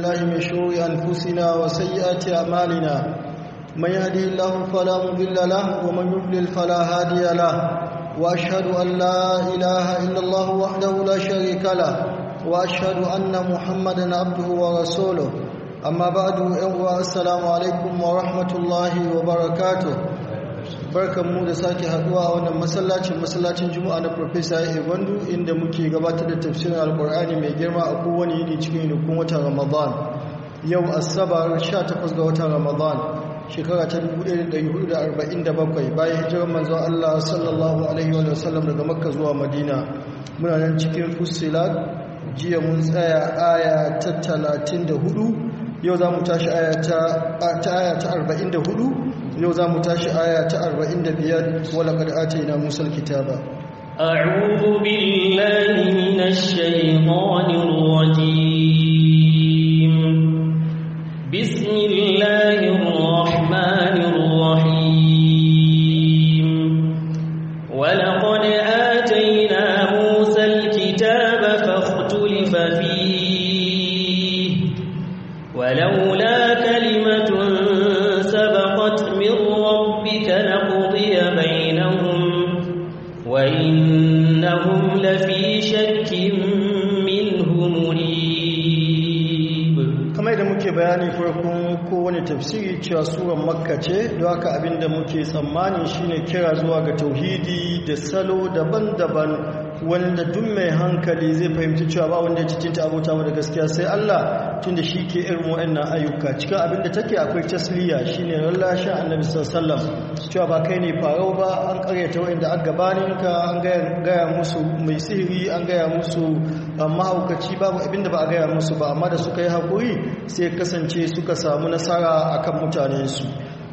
بالله من شرور أنفسنا وسيئات أعمالنا من يهدي الله فلا مضل له ومن يضلل فلا هادي له وأشهد أن لا إله إلا الله وحده لا شريك له وأشهد أن محمدا عبده ورسوله أما بعد السلام عليكم ورحمة الله وبركاته barkan mu da sake haduwa a wannan masallacin masallacin juma'a na professor yahya gwandu inda muke gabatar da tafsirin alkur'ani mai girma a kowane yini cikin yankun watan ramadan yau asabar 18 ga watan ramadan shekara ta 1447 bayan hijirar manzo allah sallallahu alaihi wa sallam daga makka zuwa madina muna nan cikin fusilat jiya mun tsaya aya ta 34 yau za mu tashi aya ta 44 yau za mu tashi aya ta 45 wala kad ataina musa alkitaba a'udhu billahi minash shaitanir rajim cewa surar makka ce don haka da muke tsammani shine kira zuwa ga tauhidi da salo daban-daban wanda duk mai hankali zai fahimci cewa ba wanda ya cikinta abota da gaskiya sai Allah tunda shi ke irin wa'annan ayyuka cikin da take akwai tasliya shine rallashin annabi sallallahu alaihi cewa ba kai ne farau ba an karyata wa'anda aka gabaninka an gaya musu mai sihiri an gaya musu amma aukaci babu abinda ba a gaya musu ba amma da suka yi haƙuri sai kasance suka samu nasara a akan mutanensu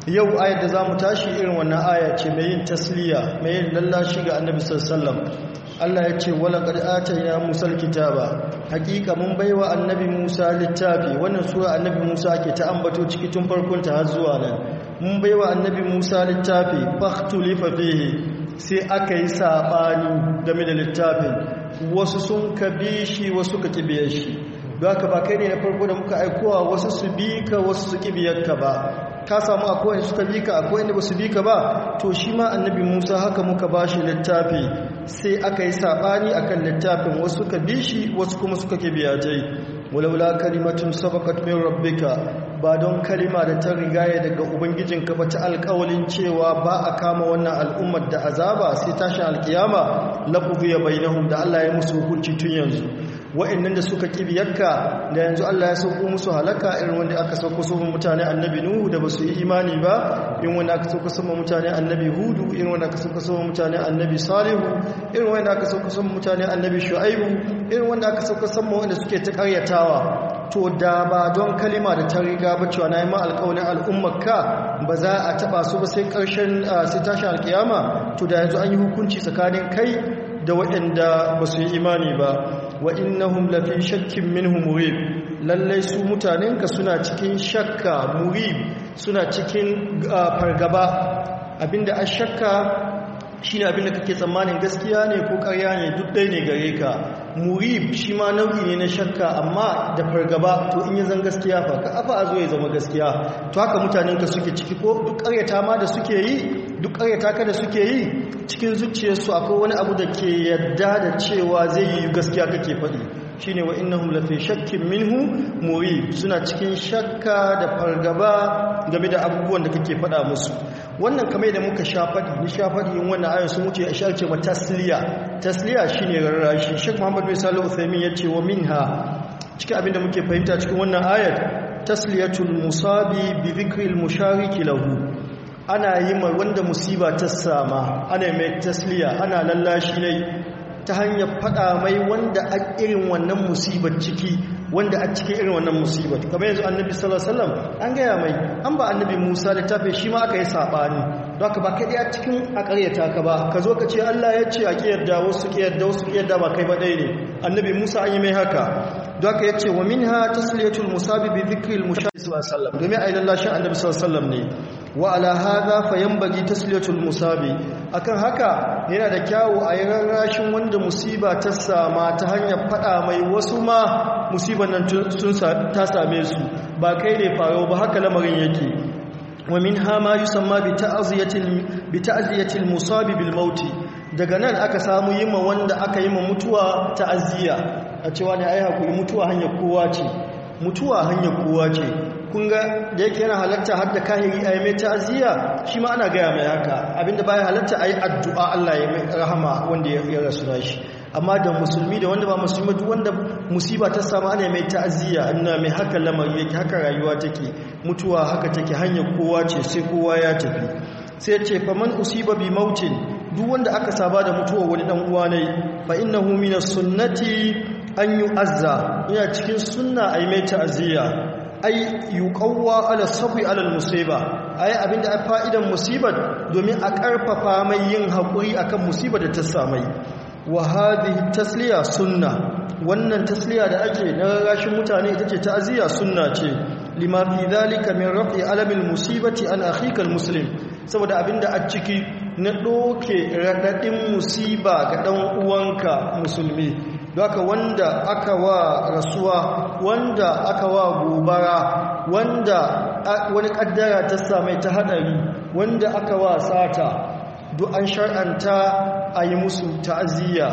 yau ayar da za mu tashi irin wannan aya ce mai yin tasliya mai yin lallashi ga annabi sallallahu Allah ya ce wala qad ya Musa kitaba hakika mun baiwa annabi Musa littafi wannan sura annabi Musa ke ta ambato ciki tun farkon ta har zuwa nan mun baiwa annabi Musa littafi fakhtulifa fihi sai aka yi sabani game da littafin wasu sun ka bi shi wasu ka kibiya shi ba ka ba kai ne na farko da muka aikowa wasu su bi ka wasu su kibiyarka ba ka samu akwai wani suka bika akwai su basu bika ba to shi ma annabi Musa haka muka bashi littafi sai aka yi sabani akan littafin wasu suka bi shi wasu kuma suka ke biya walaula kalimatun min rabbika ba don kalima da ta rigaya daga ka ba ta alkawalin cewa ba a kama wannan al'ummar da azaba sai tashin alkiyama laqudiya bainahum da Allah ya musu hukunci tun yanzu wa'annan da suka kibiyarka da yanzu Allah ya sauko musu halaka irin wanda aka sauko su mutane annabi nuhu da basu yi imani ba irin wanda aka sauko su mutane annabi hudu irin wanda aka sauko su mutane annabi salihu irin wanda aka sauko su mutane annabi shu'aibu irin wanda aka sauko su wanda suke ta karyatawa to da ba don kalima da ta riga ba cewa na yi ma alƙaunin ka ba za a taɓa su ba sai ƙarshen sai tashin alƙiyama to da yanzu an yi hukunci tsakanin kai da waɗanda ba su yi imani ba wa innahum lafi shakkin min murib lallai su mutanen ka suna cikin shakka murib suna cikin fargaba abinda a shakka shi ne abinda kake tsammanin gaskiya ne ko karya ne duk ɗaya ne gare ka murib shi ma nau'i ne na shakka amma da fargaba to in ya zan gaskiya fa ka afa a zo ya zama gaskiya to haka mutanen ka suke ciki ko duk ƙaryata ma da suke yi duk ƙaryata ka da suke yi cikin zuciyarsu akwai wani abu da ke yadda da cewa zai yi gaskiya kake faɗi shine wa innahum lafi shakkin minhu muri suna cikin shakka da fargaba game da abubuwan da kake faɗa musu wannan kamar da muka shafadi ni shafadi in wannan ayar sun wuce a sharce ma tasliya tasliya shine rarrashi Sheikh Muhammad bin Salih Uthaymeen yace wa minha cikin abin da muke fahimta cikin wannan ayar tasliyatul musabi bi dhikril mushariki lahu ana yi ma wanda musiba ta sama ana mai tasliya ana lallashi ne ta hanyar faɗa mai wanda a irin wannan musibar ciki wanda a cikin irin wannan musibar kamar yanzu annabi sallallahu alaihi wasallam an gaya mai an ba annabi Musa littafi shi ma aka yi sabani don ka ba kai daya cikin a ƙaryata ka ba ka zo ka ce Allah ya ce a ƙiyarda wasu ƙiyarda wasu ƙiyarda ba kai ba ɗaya ne annabi Musa an yi mai haka don ka ya ce wa minha tasliyatul musabi bi dhikril mushafi sallallahu alaihi Sallam. domin ai lallashin annabi sallallahu alaihi Sallam ne wa ala hadha fayanbaghi tasliyatul musabi akan haka yana da kyawu a yi rarrashin wanda musiba ta sama ta hanyar faɗa mai wasu ma musibar nan ta same su ba kai ne faro ba haka lamarin yake ومنها ما يسمى بتعزية المصاب بالموت daga nan aka samu ma wanda aka yi ma mutuwa ta'aziyya a cewa ne ai hakuri mutuwa hanyar kowa ce mutuwa hanyar kowa ce kun ga da yake yana halatta har da kahiri ai mai ta'aziyya shi ma ana gaya mai haka abinda baya halatta ai addu'a Allah ya rahama wanda ya rasu shi amma da musulmi da wanda ba musulmi duk wanda musiba ta samu ana mai ta'aziyya ana mai haka lamari yake haka rayuwa take mutuwa haka take hanyar kowa ce sai kowa ya tafi sai ce fa faman usiba bi mautin duk wanda aka saba da mutuwa wani dan uwa ne fa innahu minas sunnati an yu'azza ina cikin sunna ai mai ta'aziyya ai yuqawwa ala sabi ala musiba ai abinda fa'idan musibar domin a karfafa mai yin hakuri akan musibar da ta samai wa hadhihi tasliya sunna wannan tasliya da ake na rashin mutane ita ce ta'aziyya sunna ce lima fi dhalika min raf'i alamil musibati an akhika muslim saboda abinda a ciki na doke radadin musiba ga dan uwanka musulmi doka wanda aka wa rasuwa wanda aka wa gobara wanda wani kaddara ta same ta hadari wanda aka wa sata duk an shar'anta a yi musu ta'aziyya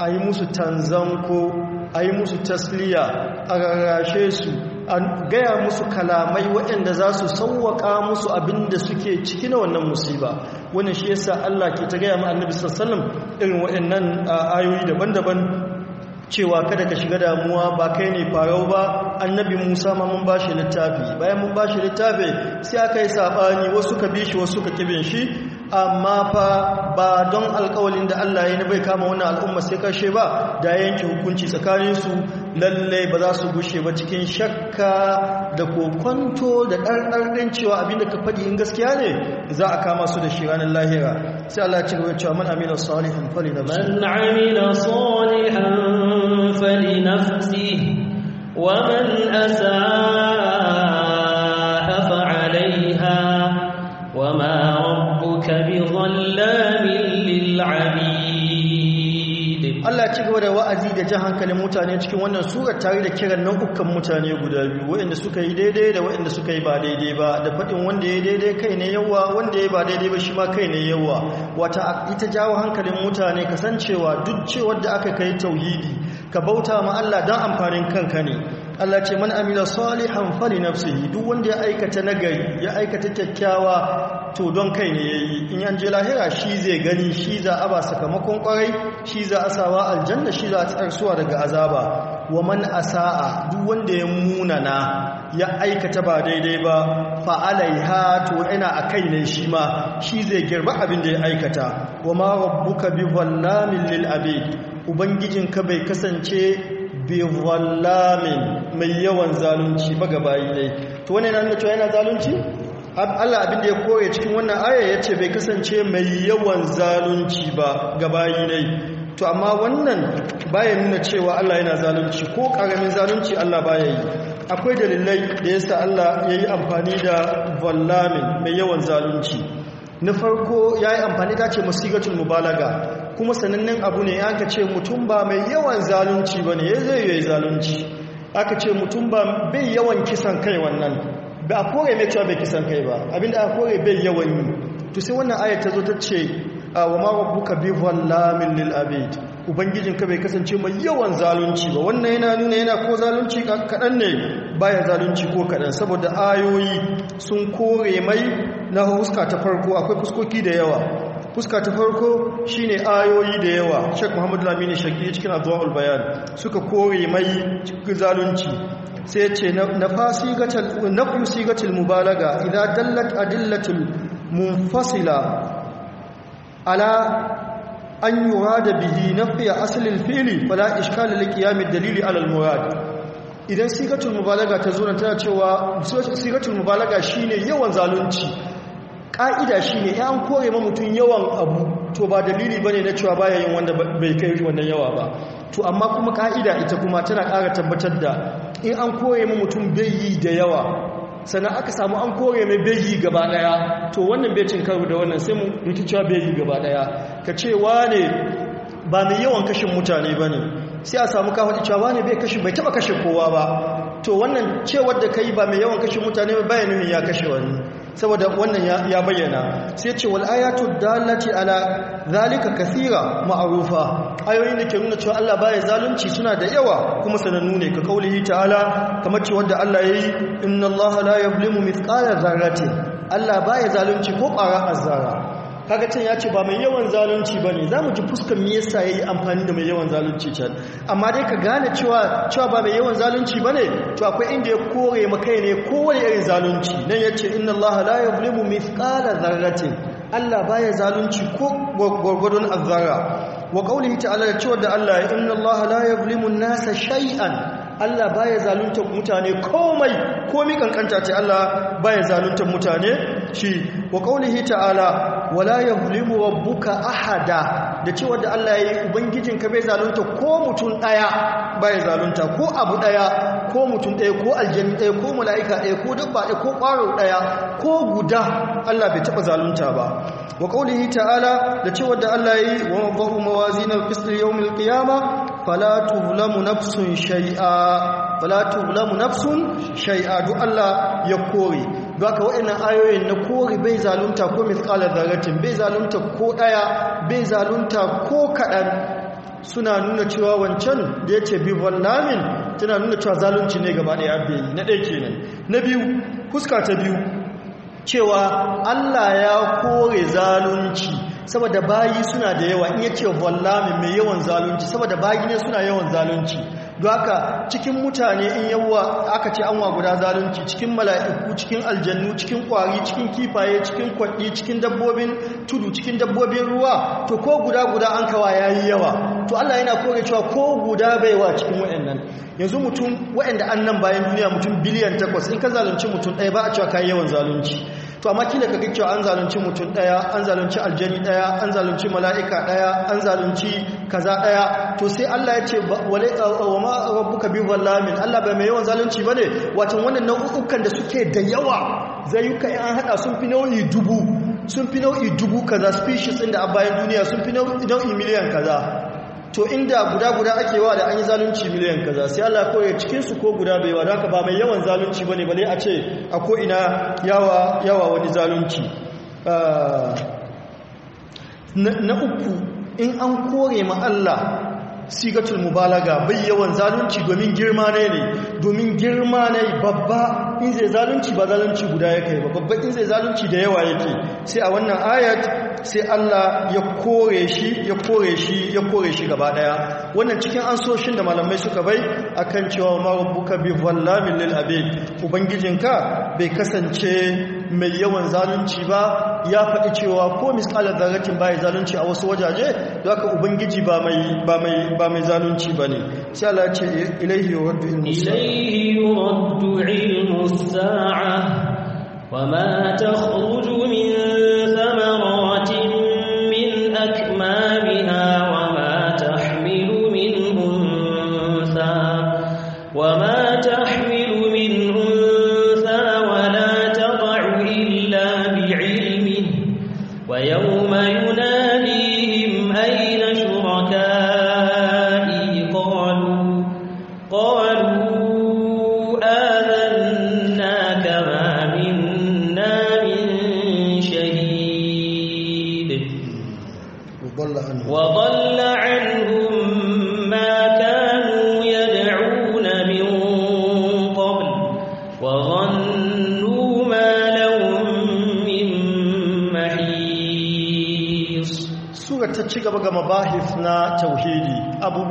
a yi musu tanzanko a yi musu tasliya a rarrashe su a gaya musu kalamai waɗanda za su sauwaƙa musu abin da suke ciki na wannan musiba wani shi yasa Allah ke ta gaya ma annabi irin waɗannan ayoyi daban-daban cewa kada ka shiga damuwa ba kai ne farau ba annabi musa ma mun bashi littafi bayan mun bashi littafi sai aka yi sabani wasu ka bi shi wasu ka kibin shi amma fa ba don alkawalin da Allah ya na bai kama wannan al'umma sai kashe ba da yanke hukunci tsakaninsu lalle ba za su gushe ba cikin shakka da kokonto da ɗarɗarɗin cewa abinda ka faɗi in gaskiya ne za a kama su da shi ranar lahira sai Allah ci gaba cewa man amina salihan fali da man salihan fali nafsi wa man asaa Allah ci gaba da wa'azi da jan hankalin mutane cikin wannan surar tare da kiran nau'ukan mutane guda biyu waɗanda suka yi daidai da waɗanda suka yi ba daidai ba da faɗin wanda ya daidai kai ne yawa wanda ya ba daidai ba shi ma kai ne yawa wata ita jawo hankalin mutane kasancewa duk cewar da aka kai tauhidi ka bauta ma Allah don amfanin kanka ne Allah ce man amila salihan fali nafsihi duk wanda ya aikata nagari ya aikata kyakkyawa to don kai ne yayi in an je lahira shi zai gani shi za a ba sakamakon kwarai shi za a sawa aljanna shi za a tsarsuwa daga azaba wa man asaa duk wanda ya munana ya aikata ba daidai ba fa alaiha to ina akai ne shi ma shi zai girba abin da ya aikata wa ma rabbuka bi wallamin lil abid ubangijinka bai kasance bi zallamin mai yawan zalunci ba ga to wane yana nuna cewa yana zalunci Allah abin da ya koya cikin wannan aya ce bai kasance mai yawan zalunci ba ga ne to amma wannan baya nuna cewa Allah yana zalunci ko karamin zalunci Allah baya yi akwai dalilai da yasa Allah ya yi amfani da zallamin mai yawan zalunci na farko ya yi amfani ta ce musigatul mubalaga kuma sanannen abu ne aka ce mutum ba mai yawan zalunci ba ne ya zai yi zalunci aka ce mutum ba bai yawan kisan kai wannan ba a kore mai cewa bai kisan kai ba abinda a kore bai yawan yi to sai wannan ayat ta zo ta ce wa ma rabbuka bi wallamin lil abid ubangijin ka bai kasance mai yawan zalunci ba wannan yana nuna yana ko zalunci kaɗan ne baya zalunci ko kaɗan saboda ayoyi sun kore mai na huska ta farko akwai fuskoki da yawa fuska ta farko shine ayoyi da yawa Sheikh Muhammad Lamini Shaki cikin Adwaul Bayan suka kore mai zalunci sai ce na fasigatul nafyu sigatul mubalaga idan dallat adillatul munfasila ala an yurada bihi nafya asalin fi'li fala ishkal li qiyam mai dalil ala al-murad idan sigatul mubalaga ta zo tana cewa sigatul mubalaga shine yawan zalunci ƙa'ida shi ne ya kore ma mutum yawan abu to ba dalili ba ne na cewa baya yin wanda bai kai wannan yawa ba to amma kuma ƙa'ida ita kuma tana ƙara tabbatar da in an kore ma mutum bai yi da yawa sannan aka samu an kore mai bai yi gaba ɗaya to wannan bai cin da wannan sai mu rikicewa bai yi gaba ɗaya ka ce wane ba mai yawan kashin mutane ba ne sai a samu da cewa wane bai kashe bai taɓa kashe kowa ba to wannan cewar da ka yi ba mai yawan kashe mutane ba ya nuni ya kashe wani saboda wannan ya bayyana sai ce wal ayatu dallati ala zalika kathira ma'rufa ayoyin da ke nuna cewa Allah baya zalunci suna da yawa kuma sanannu ne ka kaulihi ta'ala kamar cewa da Allah yayi inna Allah la yuzlimu mithqala dharratin Allah baya zalunci ko ƙara zara. kaga can ya ce ba mai yawan zalunci ba ne za mu ji fuskan me yasa ya yi amfani da mai yawan zalunci can amma dai ka gane cewa cewa ba mai yawan zalunci ba ne to akwai inda ya kore makai ne kowane irin zalunci nan ya ce inna allaha la yuzlimu mithqala dharratin allah baya zalunci ko gwargwadon azzara wa ta'ala da cewa da allah inna allaha la yuzlimu nasa shay'an Allah baya zaluntar mutane komai komi kankanta ce Allah baya zaluntar mutane shi wa ta'ala wala yuzlimu rabbuka ahada da cewa da Allah yayi ubangijin ka bai zalunta ko mutum daya bai zalunta ko abu daya ko mutum daya ko aljanni daya ko malaika daya ko dabba daya ko kwaro daya ko guda Allah bai taba zalunta ba wa qaulihi ta'ala da cewa da Allah yayi wa mawazi mawazinal qist yawmil qiyamah fala tuzlamu nafsun shay'a fala tuzlamu nafsun shay'a duk Allah ya kore don haka waɗannan ayoyin na kori bai zalunta ko mithqala zaratin bai zalunta ko ɗaya bai zalunta ko kaɗan suna nuna cewa wancan da ya ce namin tana nuna cewa zalunci ne gaba ɗaya abin na ɗaya kenan na biyu huska ta biyu cewa allah ya kore zalunci saboda bayi suna da yawa in ya ce vallamin mai yawan zalunci saboda bayi ne suna yawan zalunci don cikin mutane in yawa aka ce anwa guda zalunci cikin mala'iku cikin aljannu cikin kwari cikin kifaye cikin kwaɗi cikin dabbobin tudu cikin dabbobin ruwa to ko guda guda an kawa yayi yawa to Allah yana kore cewa ko guda baiwa cikin wayannan yanzu mutum wayanda nan bayan duniya mutum biliyan takwas, in ka zalunci mutum ɗaya ba a cewa kai yawan zalunci to amma kila ka kike an zalunci mutum daya an zalunci aljani daya an zalunci mala'ika daya an zalunci kaza daya to sai Allah ya ce wa ma rabbuka bi wallamin Allah bai mai yawan zalunci bane wato wannan nau'ukan da suke da yawa zayuka in an hada sun fi nau'i dubu sun fi nau'i dubu kaza species din da a bayan duniya sun fi nau'i miliyan kaza to inda guda guda ake wa da an yi zalunci miliyan kaza sai Allah ya cikin su ko guda bai wada ka ba mai yawan zalunci bane bale a ce a ko ina yawa yawa wani zalunci ah, na uku in an kore ma Allah sigatul mubalaga bai yawan zalunci domin girma ne ne domin girma ne babba in zai zalunci ba zalunci guda yake ba babba in zai zalunci da yawa yake sai a wannan ayat sai Allah ya kore shi ya kore shi ya kore shi gaba daya wannan cikin ansoshin da malamai suka bai akan cewa ma rabbuka bi wallamin lil abid ubangijinka bai kasance mai yawan zalunci ba ya faɗi cewa ko misalar zarratin baya zalunci a wasu wajaje za ka ubangiji ba mai zalunci ba ne sai Allah ce ilaihi yuraddu ilmu yuraddu ilmu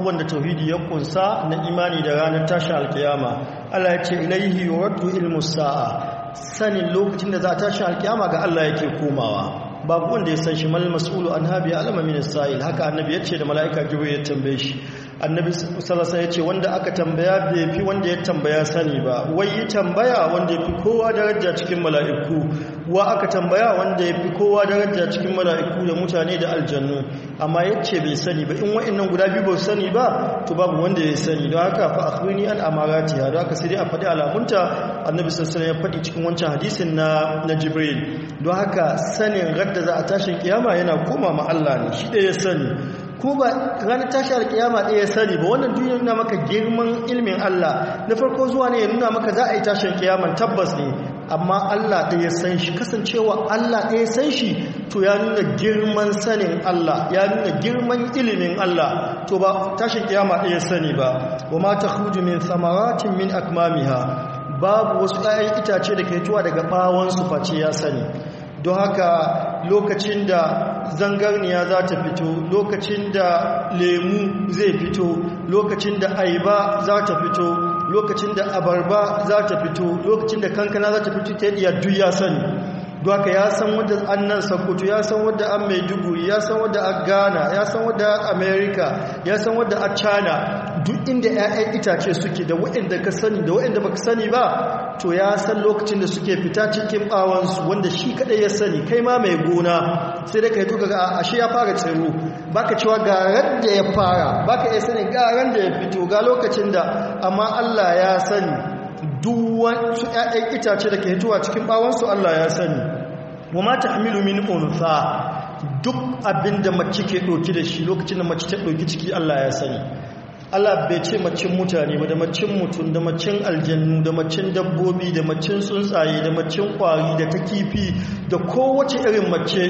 abubuwan da tauhidi ya kunsa na imani da ranar tashi alkiyama Allah ya ce ilaihi yuraddu ilmu sa'a sanin lokacin da za a tashi alkiyama ga Allah yake komawa babu wanda ya san shi mal mas'ulu an habi alama min sa'il haka annabi ya ce da mala'ika jibril ya tambaye shi annabi salasa ya ce wanda aka tambaya bai fi wanda ya tambaya sani ba wai yi tambaya wanda ya fi kowa daraja cikin mala'iku wa aka tambaya wanda ya fi kowa daraja cikin mala'iku da mutane da aljannu amma ya ce bai sani ba in wa'innan guda biyu ba sani ba to babu wanda ya sani don haka fa akhbirni an amarati don haka sai dai a faɗi alamunta annabi sallallahu ya faɗi cikin wancan hadisin na na jibril don haka sanin radda za a tashin kiyama yana koma ma Allah ne shi da ya sani ko ba ranar tashi alkiyama ɗaya ya sani ba wannan duniya nuna maka girman ilmin Allah na farko zuwa ne ya nuna maka za a yi tashin alkiyama tabbas ne amma Allah ɗaya san shi kasancewa Allah ɗaya san shi to ya nuna girman sanin Allah ya nuna girman ilimin Allah to ba tashin kiyama ɗaya ya sani ba wa ma takhruju min samaratin min akmamiha babu wasu 'ya'yan itace da ke tuwa daga bawansu face ya sani don haka lokacin da zangarniya za ta fito lokacin da lemu zai fito lokacin da aiba za ta fito lokacin da abarba za ta fito lokacin da kankana za ta fito ta yi duk ya sani don haka ya san wadda annan sakoto ya san wadda an maiduguri ya san wadda a ghana ya san wadda a america ya san wadda a china duk inda 'ya'yan itace suke da waɗanda ka sani da ba baka sani ba to ya san lokacin da suke fita cikin ɓawansu wanda shi kaɗai ya sani kai ma mai gona sai da kai a ashe ya fara tsiro baka cewa garan da ya fara baka iya sani garan da ya fito ga lokacin da amma Allah ya sani duk wasu 'ya'yan itace da ke cikin ɓawansu Allah ya sani wa ma min unsa duk abinda mace ke ɗauki da shi lokacin da mace ta ɗauki ciki Allah ya sani Allah bai ce macin mutane ba da macin mutum da macin aljannu da macin dabbobi da macin tsuntsaye da macin kwari da ta kifi da kowace irin mace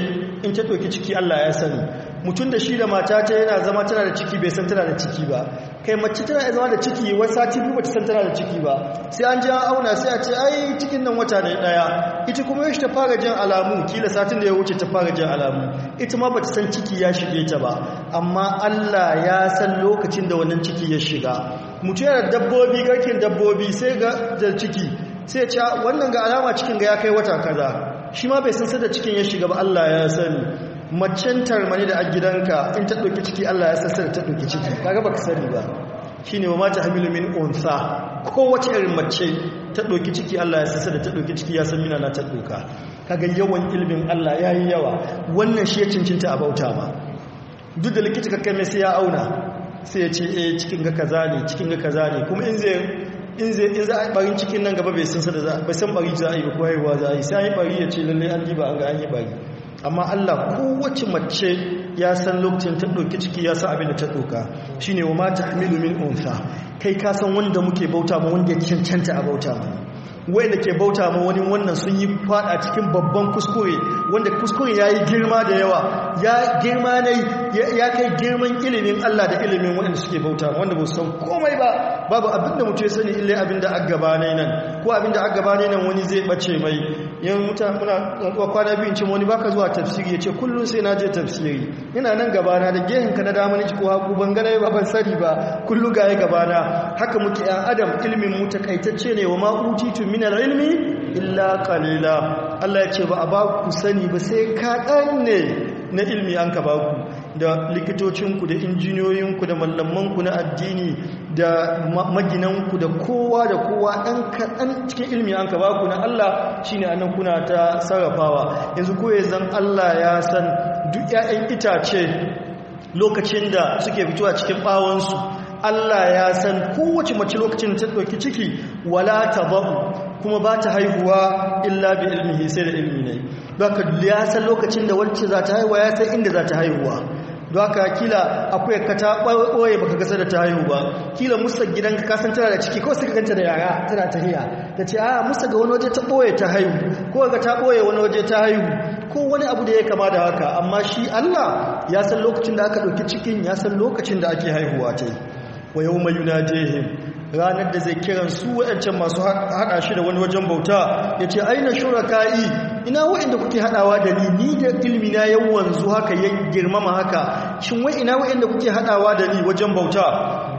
in ta ɗauki ciki Allah ya sani mutum da shi da mata ta yana zama tana da ciki bai san tana da ciki ba kai mace tana zama da ciki wani sati biyu bata san tana da ciki ba sai an ji an auna sai a ce ai cikin nan wata ne daya ita kuma yaushe ta fara jin alamu kila satin da ya wuce ta fara jin alamu ita ma bata san ciki ya shige ta ba amma Allah ya san lokacin da wannan ciki ya shiga mutum yana dabbobi garkin dabbobi sai ga da ciki sai ya ce wannan ga alama cikin ga ya kai wata kaza shi ma bai san sada cikin ya shiga ba Allah ya sani macen tarmani da a gidanka in ta ɗauki ciki Allah ya sassar ta ɗauki ciki gaba ka sani ba ne wa mata hamilu min unsa ko wace irin mace ta ɗauki ciki Allah ya sassar ta ɗauki ciki ya san mina na ta ɗauka kaga yawan ilimin Allah ya yi yawa wannan shi ya cincinta a bauta ma duk da likita ka mai sai ya auna sai ya ce eh cikin ga kaza ne cikin ga kaza ne kuma in zai in zai in za a barin cikin nan gaba bai san sa za bai san bari za a yi ba koyewa za a yi sai yi bari ya ce lalle an ba an ga an yi bari amma Allah kowace mace ya san lokacin ta ɗauki ciki ya san abin da ta ɗauka shi ne wa mata hamilu min unsa kai ka san wanda muke bauta ma wanda ya cancanta a bauta ma wayanda ke bauta ma wani wannan sun yi fada cikin babban kuskure wanda kuskure ya yi girma da yawa ya girma ne ya kai girman ilimin Allah da ilimin wanda suke bauta wanda ba san komai ba babu abinda mutu ya sani ille abinda a gaba ne nan ko abinda a gaba ne nan wani zai bace mai yan muta muna kuwa kwana biyu cin wani baka zuwa tafsiri ya ce kullum sai na je tafsiri ina nan gabana da gehen ka na dama ni ko haku ban gane ba ban sani ba kullum ga ya gabana haka muke yan adam ilimin mu takaitacce ne wa ma utitu min al-ilmi illa qalila Allah ya ce ba a ba ku sani ba sai kaɗan ne na ilmi an ka ba ku da likitocinku da injiniyoyinku da mallamanku na addini da maginanku da kowa da kowa ɗan kaɗan cikin ilmi an ka ba ku na Allah shi ne annan kuna ta sarrafawa yanzu koya zan Allah ya san duk ‘ya'yan itace lokacin da suke fitowa cikin ɓawansu Allah ya san kowace mace lokacin da ta ɗauki ciki wala ta ba'u kuma ba ta haihuwa illa bi ilmihi sai da ilmi ne baka ya san lokacin da wacce za ta haihuwa ya san inda za ta haihuwa haka kila akwai ka ta ɓoye baka gasa da ta haihu ba kila musa gidanka ka san tana da ciki kawai suka ganta da yara tana tahiya ta ce a ah, musa ga wani waje ta ɓoye ta haihu ko ga ta ɓoye wani waje ta haihu ko wani abu da ya kama da haka amma shi Allah ya san lokacin da aka ɗauki cikin ya san lokacin da ake haihuwa ta yi wa yawma yunajihim ranar da zai kiran su waɗancan masu haɗa shi da wani wajen bauta ya ce aina shuraka'i ina waɗanda kuke haɗawa da ni ni da ilmi na yau wanzu haka ya girmama haka shin wai ina waɗanda kuke haɗawa da ni wajen bauta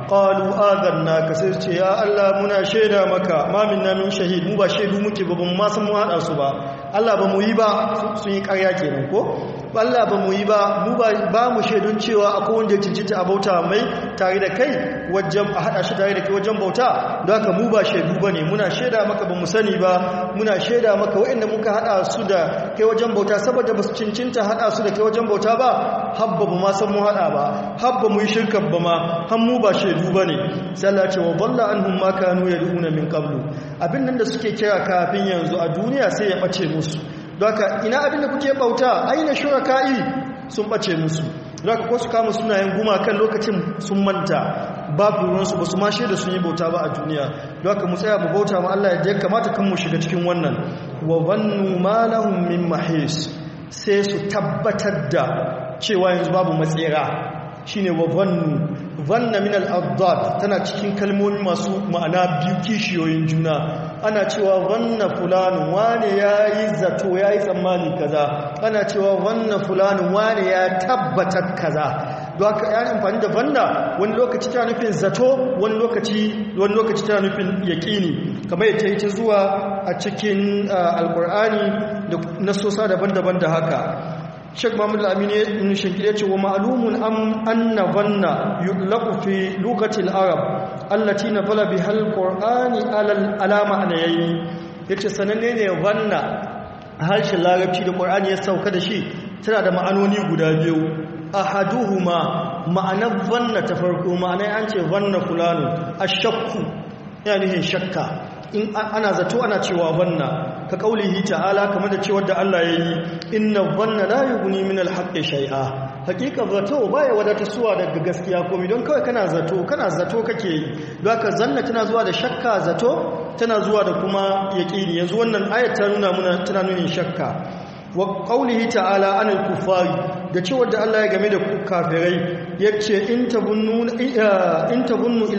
qalu adanna ka sai ce ya Allah muna shaida maka ma minna min shahid mu ba shaidu muke ba mu ma san mu haɗa su ba Allah ba mu yi ba sun yi ƙarya kenan ko Allah ba mu yi ba mu ba mu shaidun cewa akwai wanda cincinta a bauta mai tare da kai wajen a hada shi tare da kai wajen bauta don haka mu ba shaidu bane muna shaida maka ba mu sani ba muna shaida maka waɗanda muka hada su da kai wajen bauta saboda ba su cincinta hada su da kai wajen bauta ba habba ba ma san mu hada ba habba mu yi shirka ba ma han mu ba shaidu bane sai Allah ce wa balla anhum ma kanu yad'una min qablu abin nan da suke kira kafin yanzu a duniya sai ya bace musu daga ina abin da kuke bauta aina shuraka'i sun bace musu daga ko su kama suna yin guma kan lokacin sun manta babu ruwansu ba su mashe da sun yi bauta ba a duniya daga mu tsaya mu bauta ma Allah yadda ya kamata kan mu shiga cikin wannan wa wannu malahum min mahis sai su tabbatar da cewa yanzu babu matsira shine wa wannu wanna min al tana cikin kalmomi masu ma'ana biyu kishiyoyin juna ana cewa wanna fulani wane ya yi zato ya yi tsammani kaza ana cewa wannan fulani wane ya tabbatar kaza don aka yi amfani da banda wani lokaci ta nufin zato wani lokaci wani lokaci ta nufin yaƙini kamar yadda ta zuwa a cikin uh, alƙur'ani na sosa daban-daban da haka Sheikh Muhammad Al-Amin ibn Shankir yace wa ma'lumun am anna dhanna yutlaqu fi lughati al-arab allati nafala biha al-qur'ani ala al-alama yace sananne ne dhanna harshen larabci da qur'ani ya sauka da shi tana da ma'anoni guda biyu ahaduhuma ma'anar vanna ta farko ma'anar an ce vanna fulano ashakku yana nihin shakka in ana zato ana cewa vanna ka kaulihi ta'ala kamar da cewar da Allah ya yi inna banna la yughni min al-haqqi shay'a hakika zato baya wadata suwa daga gaskiya komai don kawai kana zato kana zato kake yi don ka zanna tana zuwa da shakka zato tana zuwa da kuma yaqini yanzu wannan ayat ta nuna muna tana nuna shakka wa qawlihi ta'ala anil kufari da cewar da Allah ya game da kafirai yace in tabunnu eh, in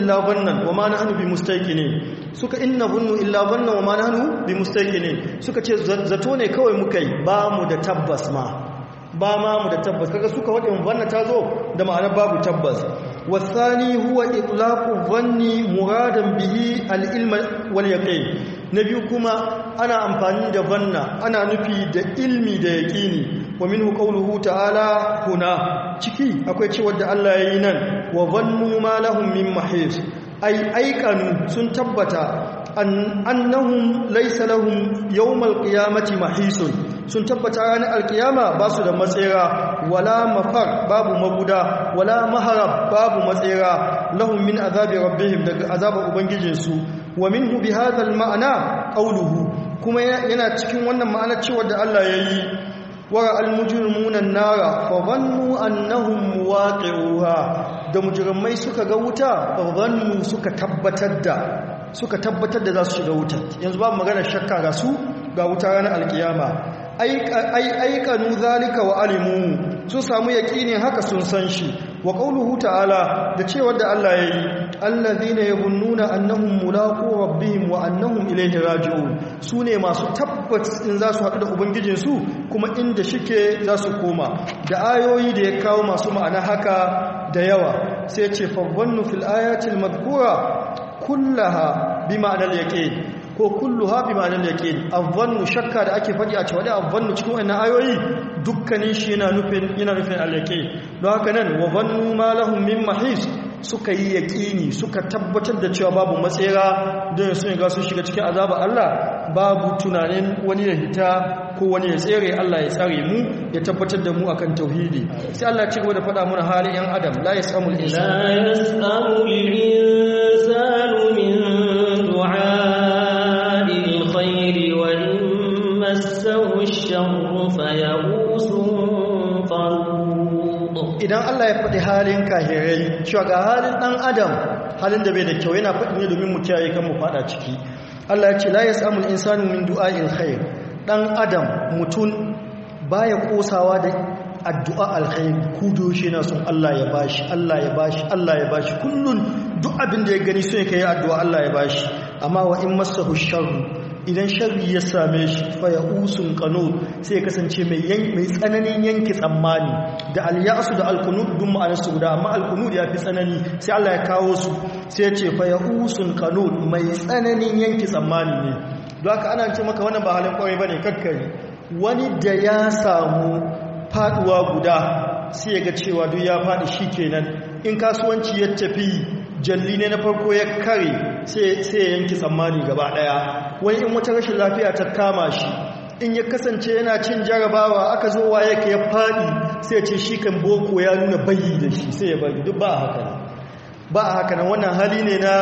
illa bannan wa ma nahnu bi ne. suka inna hunnu illa banna wa mananu nahnu bi ne. suka ce zato ne kawai muka yi ba mu da tabbas ma ba ma mu da tabbas kaga suka wadin banna ta zo da ma'anar babu tabbas wasani huwa itlaqu wanni muradan bihi al-ilm wal yaqin nabi kuma ana amfani da banna ana nufi da ilmi da yaqini wa minhu qawluhu ta'ala kuna ciki akwai cewa da Allah yayi nan wa wannu ma lahum min mahis ai aikanu sun tabbata annahum laysa lahum yawmal qiyamati mahisun sun tabbata ranar alkiyama basu da matsera wala mafar babu maguda wala maharab babu matsera lahum min azabi rabbihim daga azabar ubangijinsu wa minhu bi hadha ma'ana qawluhu kuma yana cikin wannan ma'ana cewa da Allah yayi wara al mujrimuna nara fa dhannu annahum waqi'uha da mujirmai suka ga wuta rannu suka tabbatar da suka tabbatar da za su shiga wuta yanzu babu magana shakka ga su ga wuta ranar alkiyama aikanu zalika wa alimu sun samu yaƙinin haka sun san shi wa ƙauluhu ta'ala da cewar da Allah ya yi allazina yabunnuna annahum mulaqu rabbihim wa annahum ilayhi raji'un sune masu tabbas in za su haɗu da ubangijin su kuma inda shike za su koma da ayoyi da ya kawo masu ma'ana haka da yawa sai ce fawwannu fil ayatil madhkura kullaha bi ma'anar yaqin ko kulluha bi ma'anar yaqin awwannu shakka da ake faɗi a cewa da awwannu cikin wannan ayoyi dukkanin shi yana nufin yana nufin al don haka nan wa zannu ma lahum min mahis suka yi yaƙini suka tabbatar da cewa babu matsera don sun ga sun shiga cikin azaba Allah babu tunanin wani ya hita ko wani ya tsere Allah ya tsare mu ya tabbatar da mu akan tauhidi sai Allah ya cigaba da faɗa mana halin ɗan adam la yasamul insanu min du'a'il khairi wa idan Allah ya faɗi halin kahirai cewa ga halin ɗan adam halin da bai da kyau yana faɗi ne domin mu kiyaye kan mu faɗa ciki Allah ya ce la yasamul insanu min du'a'il khair ɗan adam mutum baya kosawa da addu'a alkhairi kudo shi na son Allah ya bashi Allah ya bashi Allah ya bashi kullun duk abin da ya gani sai kai addu'a Allah ya bashi amma wa in masahu sharru idan sharri ya same shi faya usun kano sai kasance mai tsananin yanki tsammani da alyasu da alkunud dun su guda amma alkunud ya fi tsanani sai Allah ya kawo su sai ya ce faya usun kano mai tsananin yanki tsammani ne don haka ana ce maka wannan ba halin kwarai ba ne kakkari wani da ya samu faduwa guda sai ya ga cewa duk ya fadi shi kenan in kasuwanci ya tafi jalli ne na farko ya kare sai ya yanki tsammani gaba daya wai in wata rashin lafiya ta kama shi in ya kasance yana cin jarabawa aka zo waye ka ya faɗi sai ya ce shi kan boko ya nuna bayi da shi sai ya bari duk ba a haka ne ba haka nan wannan hali ne na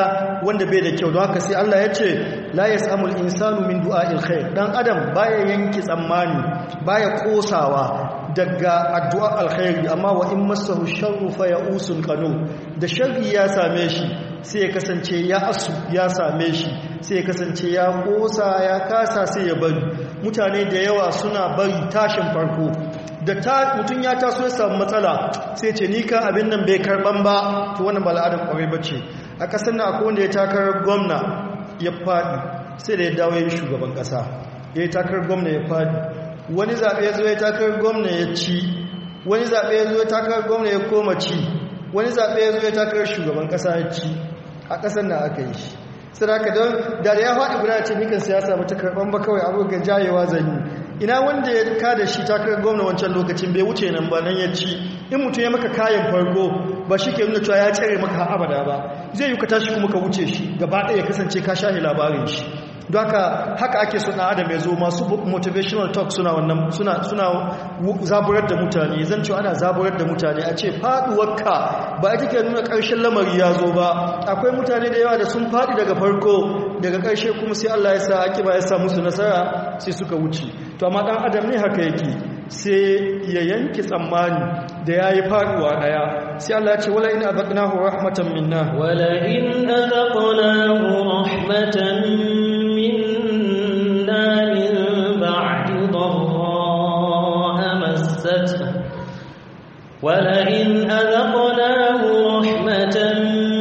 wanda bai da kyau don haka sai Allah ya ce la yasamul insanu min du'a'il khair dan adam baya yanki tsammani baya kosawa daga addu'a alkhairi amma wa in masahu sharru fa ya'usun qanu da sharri ya same shi sai ya kasance ya asu ya same shi sai ya kasance ya kosa ya kasa sai ya bari mutane da yawa suna bari tashin farko da ta mutum ya taso ya samu matsala sai ce ni ka abin nan bai karban ba to wannan ba al'adar kwarai ba ce a ƙasar na akwai wanda ya takarar gwamna ya faɗi sai da ya dawo yin shugaban ƙasa ya yi takarar gwamna ya faɗi wani zaɓe ya zo ya takarar gwamna ya ci wani zaɓe ya zo ya takarar gwamna ya koma ci wani zaɓe ya zo ya takarar shugaban ƙasa ya ci a ƙasar na aka yi shi saraka don da ya faɗi guda ce nikan siyasa ba ta ba kawai abubuwan jayewa zanyi ina wanda ya ka da shi takarar gwamna wancan lokacin bai wuce nan ba nan ya ci in mutum ya maka kayan farko ba shi ke nuna cewa ya tsere maka abada ba zai yi ka tashi kuma ka wuce shi gaba ɗaya ya kasance ka shahi labarin shi don haka haka ake suna adam ya zo masu motivational talk suna zaburar da mutane zan ce ana zaburar da mutane a ce faduwarka ba ita ke nuna ƙarshen lamari ya zo ba akwai mutane da yawa da sun faɗi daga farko daga ƙarshe kuma sai Allah ya sa ba ya sa musu nasara sai suka wuce to amma dan adam ne haka yake sai ya yanki tsammani da ya yi faruwa daya sai Allah ya ce wala in azaqnahu rahmatan minna wala in azaqnahu rahmatan ولئن أذقناه رحمة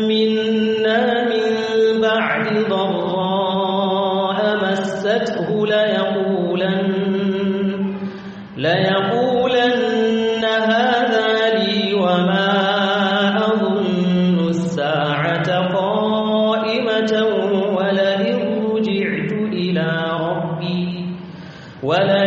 منا من بعد ضراء مسته ليقولن, ليقولن هذا لي وما أظن الساعة قائمة ولئن رجعت إلى ربي ولئن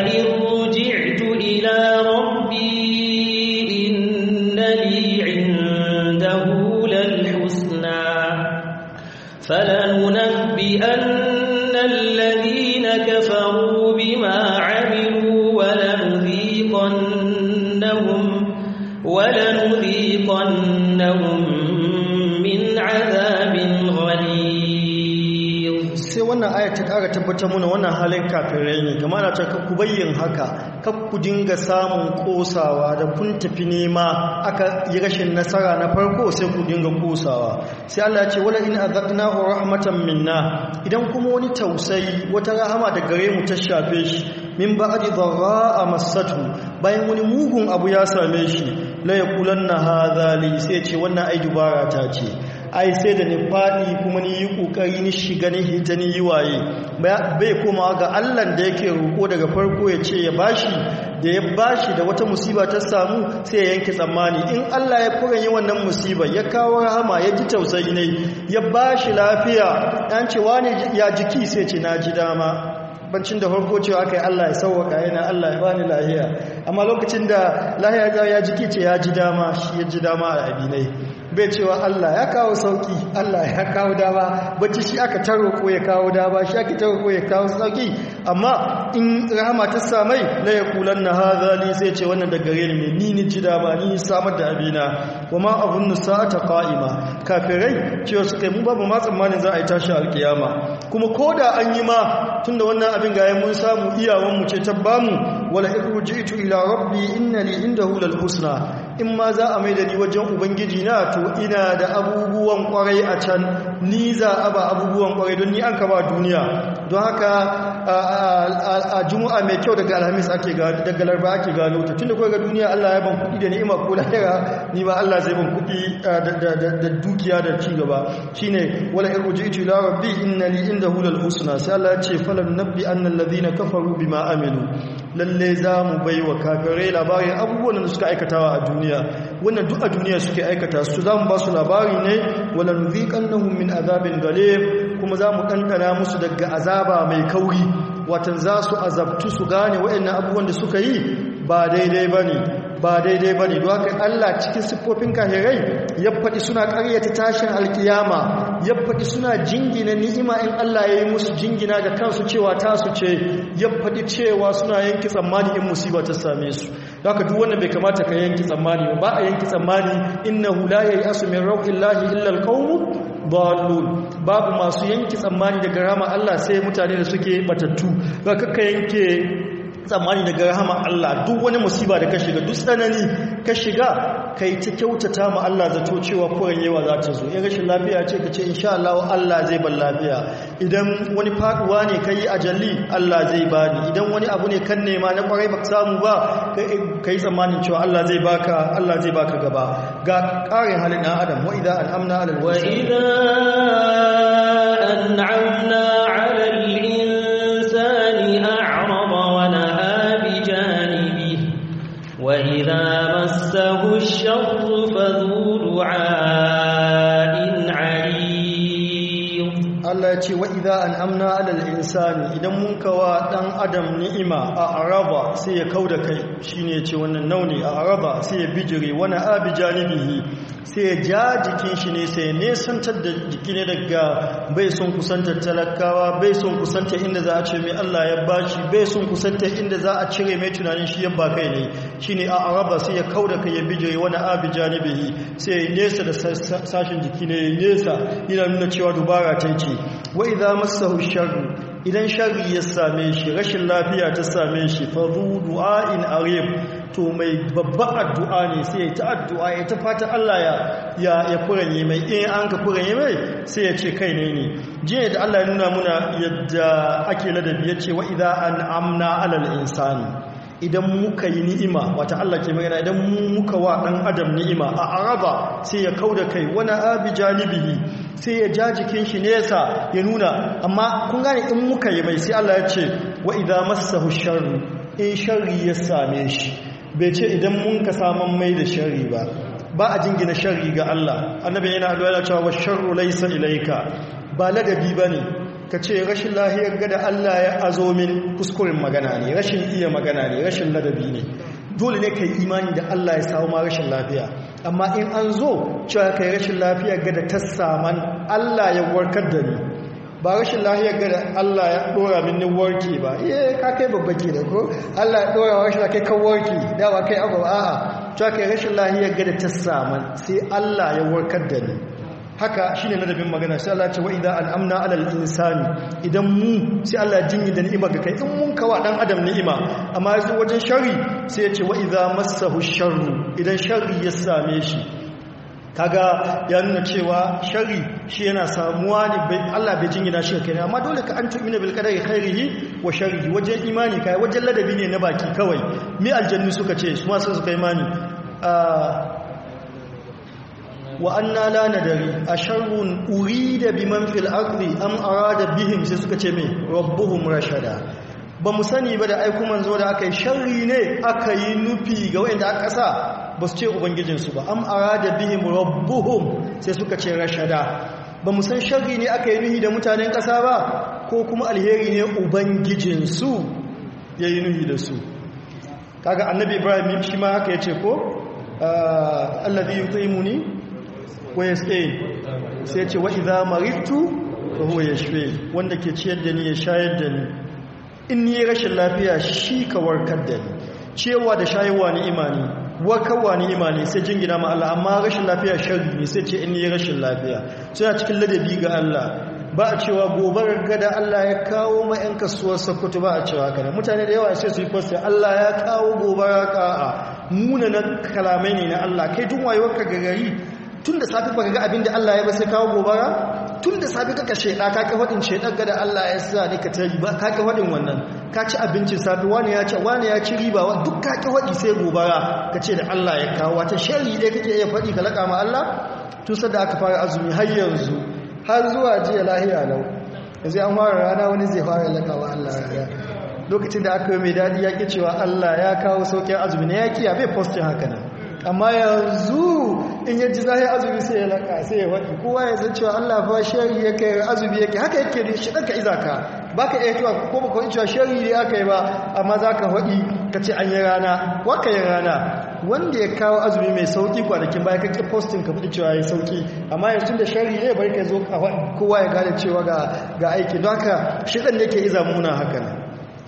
tabbatar muna wannan halin kafin raini kamar na ta ku bayyin haka ka ku dinga samun kosawa da kun tafi nema aka yi rashin nasara na farko sai ku dinga kosawa sai Allah ya ce wala in azaqnahu rahmatan minna idan kuma wani tausayi wata rahama da gare mu ta shafe shi min ba'di dharra amassatu, bayan wani mugun abu ya same shi la yaqulanna hadha li sai ce wannan ai dubara ta ce ai sai da ni faɗi kuma ni yi ƙoƙari ni shiga ni hita ni yi waye bai koma ga allan da yake roƙo daga farko ya ce ya bashi da ya bashi da wata musiba ta samu sai ya yanke tsammani in allah ya kura yi wannan musiba ya kawo rahama ya ji tausayi ne ya bashi lafiya an ce wani ya jiki sai ce na ji dama bancin da farko cewa aka Allah ya sauwaka yana Allah ya bani lahiya amma lokacin da lahiya ya jiki ce ya ji dama shi ya ji dama a abinai bai cewa Allah ya kawo sauki Allah ya kawo dama bacci shi aka taro ko ya kawo dama shi aka taro ko ya kawo sauki amma in rahama ta samai la yaqulan na hadha li sai ce wannan da gare ni ni ni ji dama ni samar da abina wa ma abunnu sa'ata qa'ima kafirai cewa su kai mu babu ma tsammanin za a yi tashi alkiyama kuma koda an yi ma tunda wannan abin ga mun samu iyawan mu ce ta bamu wala in ruji'tu ila rabbi li indahu lal husna in ma za a maida ni wajen ubangiji na to ina da abubuwan kwarai a can ni za a ba abubuwan kwarai don ni an ka ba duniya don haka a juma'a mai kyau daga alhamis ake gano daga larba ake gano ta tunda kawai ga duniya Allah ya ban kuɗi da ni'ima ko lahira ni ba Allah zai ban kuɗi da dukiya da ci gaba shine wala in ruji'tu ila rabbi li indahu lal husna sai Allah ya ce falan nabbi annal ladina kafaru bima amilu lalle za mu bai wa kafirai labarin abubuwan da suka aikatawa a duniya wannan duk a duniya suke aikata su za mu ba su labari ne wala nuziqannahum min azabin gale kuma za mu ɗanɗana musu daga azaba mai kauri watan za su azabtu su gane waɗannan abubuwan da suka yi ba daidai ba ne ba daidai ba ne duwakan Allah cikin siffofin kahirai ya faɗi suna ƙaryata tashin alkiyama ya faɗi suna jingina ni'ima in Allah ya yi musu jingina ga kansu cewa tasu ce ya faɗi cewa suna yanki tsammani in musiba ta same su haka duk wanda bai kamata ka yanki tsammani ba a yanki tsammani innahu la ya'asu min rauhillahi illa ba dalun babu masu yanki tsammani daga rama Allah sai mutane da suke batattu ga kakka yanke tsammani daga rahama Allah duk wani musiba da ka shiga duk tsanani ka shiga kai ta kyautata ma Allah zato cewa yawa za ta zo in rashin lafiya ce ka ce in sha Allah Allah zai ban lafiya idan wani faduwa ne ka a jalli Allah zai bani idan wani abu ne kan nema na kwarai baka samu ba ka yi tsammanin cewa Allah zai baka Allah zai baka gaba ga ƙarin halin adam wa idan al'amna 'alal وإذا مسه الشر فذو دعاء عريض الله يتي وإذا أنعمنا على الإنسان إذا منكوا دان أدم نعمة أعرض سيكود كي شيني يتي وانا نوني أعرض wannan nauni آب جانبه sai ya ja jikin shi ne sai nesantar da jiki ne daga bai sun kusantar talakawa bai sun kusantar inda za a ce mai Allah ya bashi bai sun kusantar inda za a cire mai tunanin shi yabba kai ne shine a araba sai ya kauda kai ya bijire wani abi janibihi sai ya nesa da sashen jiki ne ya nesa yana nuna cewa dubara ta ce wa idza massahu sharru idan sharri ya same shi rashin lafiya ta same shi fa in arif to mai babba addu'a ne sai ya ta addu'a ya ta fata Allah ya ya kuranye mai in an ka kuranye mai sai ya ce kai ne ne jiya da Allah ya nuna muna yadda ake ladabi ya ce wa idza an'amna alal insani idan muka yi ni'ima wata Allah ke magana idan muka wa ɗan adam ni'ima a araba sai ya kauda kai wani abi janibihi sai ya ja jikin shi nesa ya nuna amma kun gane in muka yi mai sai Allah ya ce wa idza massahu sharru in sharri ya same shi bai ce idan mun ka saman mai da shari ba ba a jingina sharri ga Allah annabi yana addu'a cewa wa laisa laysa ilayka ba ladabi bane ka ce rashin lahiyar gada Allah ya azo min kuskurin magana ne rashin iya magana ne rashin ladabi ne dole ne ka yi imani da Allah ya samu ma rashin lafiya amma in an zo cewa ka yi rashin lafiyar gada ta saman Allah ya warkar da ni ba rashin lahiyar gada Allah ya dora min warke ba iya eh, ka kai babba ke da ko Allah ya dora rashin kai kan warke da ba kai abu a'a cewa ka yi rashin lahiyar gada ta saman sai Allah ya warkar da ni haka shi ne ladabin magana sai Allah ce wa idan al'amna 'ala al-insani idan mu sai Allah yi da ni'ima ga kai in mun kawa dan adam ni'ima amma yanzu wajen shari sai ya ce wa idan massahu sharru idan sharri ya same shi kaga ya nuna cewa sharri shi yana samuwa ne bai Allah bai jingina shi kai amma dole ka an mina bil qadari khairihi wa sharrihi wajen imani kai wajen ladabi ne na baki kawai mi aljannu suka ce su ma sun suka imani ah, wa anna la nadari uri da biman fil ardi ara da bihim sai suka ce mai rabbuhum rashada ba mu sani ba da aiku manzo da aka yi sharri ne aka yi nufi ga wayanda aka sa ba su ce ubangijinsu ba An ara da bihim rabbuhum sai suka ce rashada ba mu san sharri ne aka yi nuhi da mutanen ƙasa ba ko kuma alheri ne ubangijinsu ya yi nuhi da su kaga annabi ibrahim shi ma haka ya ce ko ah, alladhi yut'imuni ko sai ce wa idza maritu fa huwa wanda ke ciyar da ni ya shayar da ni in yi rashin lafiya shi ka warkar da ni cewa da shayarwa ni imani warkarwa ni imani sai jingina ma Allah amma rashin lafiya sharri ne sai ce in yi rashin lafiya suna cikin ladabi ga Allah ba a cewa gobar gada Allah ya kawo ma 'yan kasuwar sakutu ba a cewa kada mutane da yawa sai su yi fasta Allah ya kawo gobara ka'a munanan kalamai ne na Allah kai tun wayewar ka gari. tun da safi ba ga abin da Allah ya ba sai kawo gobara tun da safi kaka sheda ka ka fadin shedan ga da Allah ya sa ni ka tari ba ka ka fadin wannan ka ci abincin safi wani ya ci wani ya ci riba duk ka ka fadi sai gobara ka ce da Allah ya kawo wata sharri dai kake iya fadi ka laka ma Allah tun da aka fara azumi har yanzu har zuwa jiya lahiya nan yanzu an fara rana wani zai fara laka wa Allah ya lokacin da aka yi mai dadi ya ki cewa Allah ya kawo sauƙin azumi ne ya kiya bai postin haka nan amma yanzu in ya ji zai azumi sai ya laka sai ya waɗi kowa ya zai cewa Allah fa shari ya kai azumi kai haka yake da shi danka izaka baka iya cewa ko baka iya cewa shari ne aka yi ba amma za ka waɗi ka ce an yi rana waka yi rana wanda ya kawo azumi mai sauki kwanakin baya kake postin ka fadi cewa ya sauki amma yanzu da shari ya bari ka zo kowa ya gane cewa ga aiki don haka shi ɗan yake iza muna haka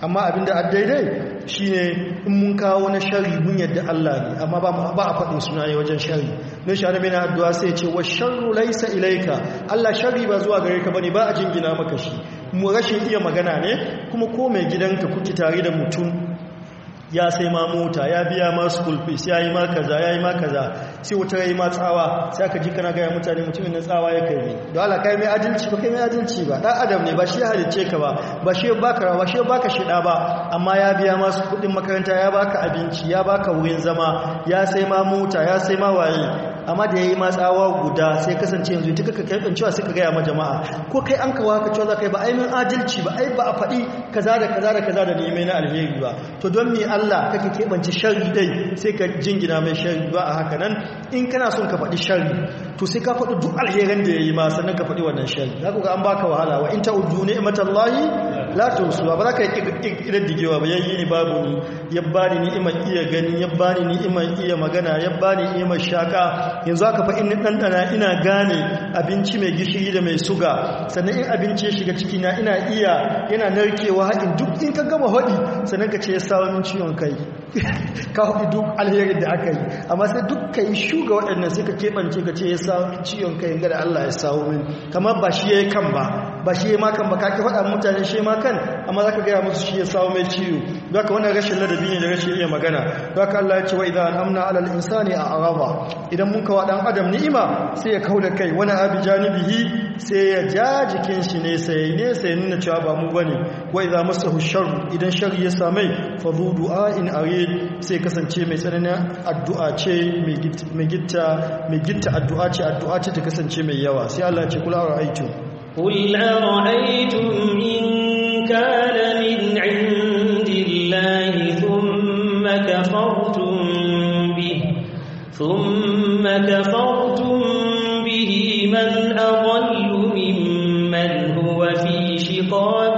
amma da a daidai shi ne in mun kawo na shari mun yadda Allah ne amma ba ba a faɗin suna ne wajen shari ne shi annabi na addu'a sai ce wa sharru laysa ilaika Allah shari ba zuwa gare ka ne ba a jingina maka shi mu rashin iya magana ne kuma ko mai gidanka kuke tare da mutum ya sai ma mota ya biya ma school fees ya yi ma kaza ya yi ma kaza sai wuta ya yi ma tsawa sai aka ji kana gaya mutane mutumin na tsawa ya kai ne da ala kai mai adalci ba kai mai adalci ba dan adam ne ba shi halicce ka ba ba shi baka rawa shi baka shida ba amma ya biya ma su kudin makaranta ya baka abinci ya baka wurin zama ya sai ma mota ya sai ma waye amma da ya yi matsawa guda sai kasance yanzu ita kaka kai sai ka gaya ma jama'a ko kai an kawo haka cewa za ka yi ba yi min ajilci ba a yi ba a faɗi kaza da kaza da kaza da neman na alheri ba to don me Allah kake keɓance shari dai sai ka jingina mai shari ba a haka nan in kana son ka faɗi shari to sai ka faɗi duk alherin da yayi ma sannan ka faɗi wannan shari za ku ga an baka wahala wa in ne la tumsuwa ba za ka ƙididdigewa ba yayi ni babu ni ya bani ni'imar iya gani ya bani ni'imar iya magana ya bani ni'imar shaka yanzu haka fa in ɗanɗana ina gane abinci mai gishiri da mai suga sannan in abinci ya shiga cikina ina iya yana narkewa haɗin duk in ka gama haɗi sannan ka ce ya sa wani ciwon kai ka haɗi duk alherin da aka yi amma sai duk ka yi shuga waɗannan sai ka keɓance ka ce ya ciwon kai ga da Allah ya sawo min kamar ba shi ya yi kan ba ba shi ma kan ba kake faɗa mutane shi ma kan amma zaka gaya musu shi ya sawo mai ciwo don wannan rashin ladabi ne da rashin iya magana don Allah ya ce wa idan amna alal insani a araba idan mun kawo dan adam ni'ima sai ya kauda kai wani abi janibihi sai ya ja jikin shi ne sai ne sai nuna cewa ba mu bane wa idza masahu sharr idan sharri ya same fa zu in arid sai kasance mai tsananin addu'a ce mai gitta mai gitta addu'a ce addu'a ce ta kasance mai yawa sai Allah ya ce kula ra'aytu قل أرأيتم إن كان من عند الله ثم كفرتم به ثم كفرتم به من أضل ممن هو في شقاق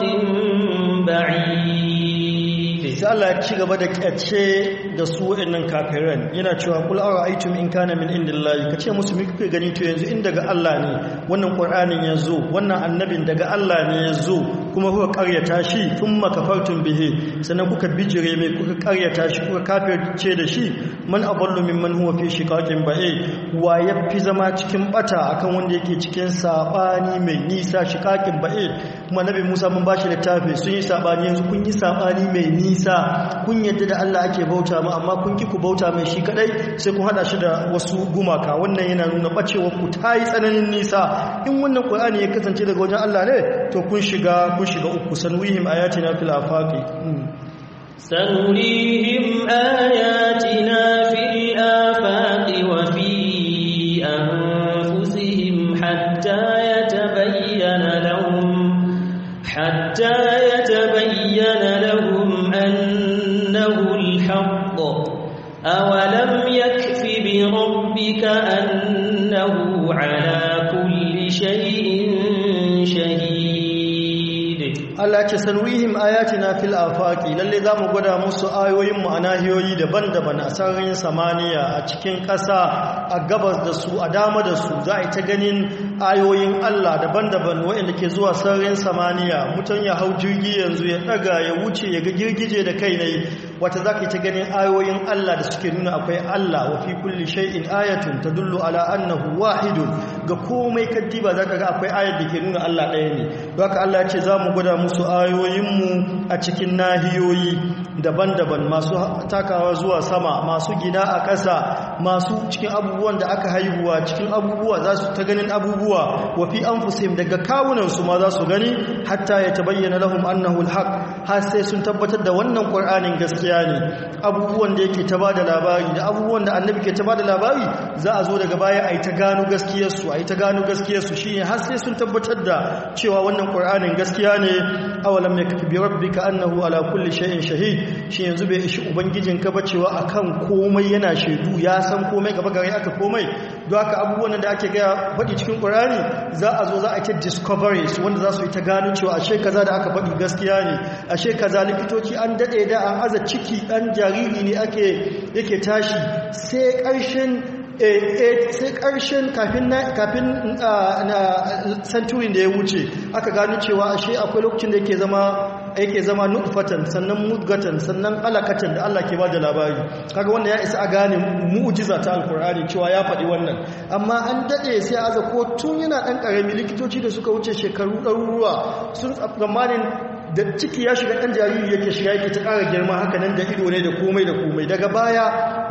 Allah ya ci gaba da kyace da su wa'annan kafiran yana cewa kul aitum in kana min indillahi kace musu mi kuke gani to yanzu in daga Allah ne wannan qur'anin yanzu wannan annabin daga Allah ne yazo kuma kuka karyata shi thumma kafartum bihi sannan kuka bijire mai kuka karyata shi kuka kafirce da shi man aballu mimman huwa fi shiqaqin ba'i wa yafi zama cikin bata akan wanda yake cikin sabani mai nisa shiqaqin bai. kuma nabi musa mun bashi littafi sun yi sabani yanzu kun yi sabani mai nisa kun yadda da Allah ake bauta ma amma kun ki ku bauta mai shi kadai sai kun hada shi da wasu gumaka wannan yana nuna bacewa ku ta yi tsananin nisa in wannan qur'ani ya kasance daga wajen Allah ne to kun shiga kun shiga uku a ayatina fil afaqi sanurihim ayatina fil afaqi hmm. حتى يتبين لهم أنه الحق أولم يكف بربك أنه على كل شيء شهيد الله كسنويهم آياتنا في الآفاق للي ذا مقدام سؤال ويم أناهيو يدبن دبن أسرين سمانية أتكين قصاح a gabas da su a dama da su za a yi ta ganin ayoyin Allah daban-daban waɗanda ke zuwa sararin samaniya mutum ya hau jirgi yanzu ya ɗaga ya wuce ya ga girgije da kai ne wata za ka yi ta ganin ayoyin Allah da suke nuna akwai Allah wa fi kulli shay'in ayatun tadullu ala annahu wahidun ga komai ba za ka ga akwai ayat da ke nuna Allah ɗaya ne don haka Allah ya ce za mu gwada musu ayoyinmu a cikin nahiyoyi daban-daban masu takawa zuwa sama masu gida a ƙasa masu cikin abubuwan da aka haihuwa cikin abubuwa za su ta ganin abubuwa wa fi anfusihim daga kawunansu ma za su gani hatta ya bayyana lahum annahu alhaq har sai sun tabbatar da wannan Qur'anin gaskiya gaskiya abubuwan da yake ta bada labari da abubuwan da annabi ke ta bada labari za a zo daga baya a yi ta gano gaskiyarsu a yi ta gano gaskiyarsu shine har sai sun tabbatar da cewa wannan qur'anin gaskiya ne awalam yakfi bi rabbika annahu ala kulli shay'in shahid shi yanzu bai ishi ubangijinka ba cewa akan komai yana shaidu ya san komai gaba gari aka komai don haka abubuwan da ake gaya faɗi cikin ƙurani za a zo za a ke discoveries wanda za su yi ta gano cewa ashe kaza da aka faɗi gaskiya ne ashe kaza likitoci an daɗe da an aza ciki ɗan jariri ne ake yake tashi sai ƙarshen eh, eh, sai ƙarshen kafin na ah, centurion da ya wuce aka gano cewa ashe akwai lokacin da yake zama yake zama nutfatan sannan mudgatan sannan alakatan da Allah ke ba da labari kaga wanda ya isa a gane mu'jiza ta alkur'ani cewa ya faɗi wannan amma an dade sai aza ko tun yana dan karami likitoci da suka wuce shekaru ɗaruruwa sun tsammanin da ciki ya shiga ɗan jariri yake shiga yake ta ƙara girma haka nan da ido ne da komai da komai daga baya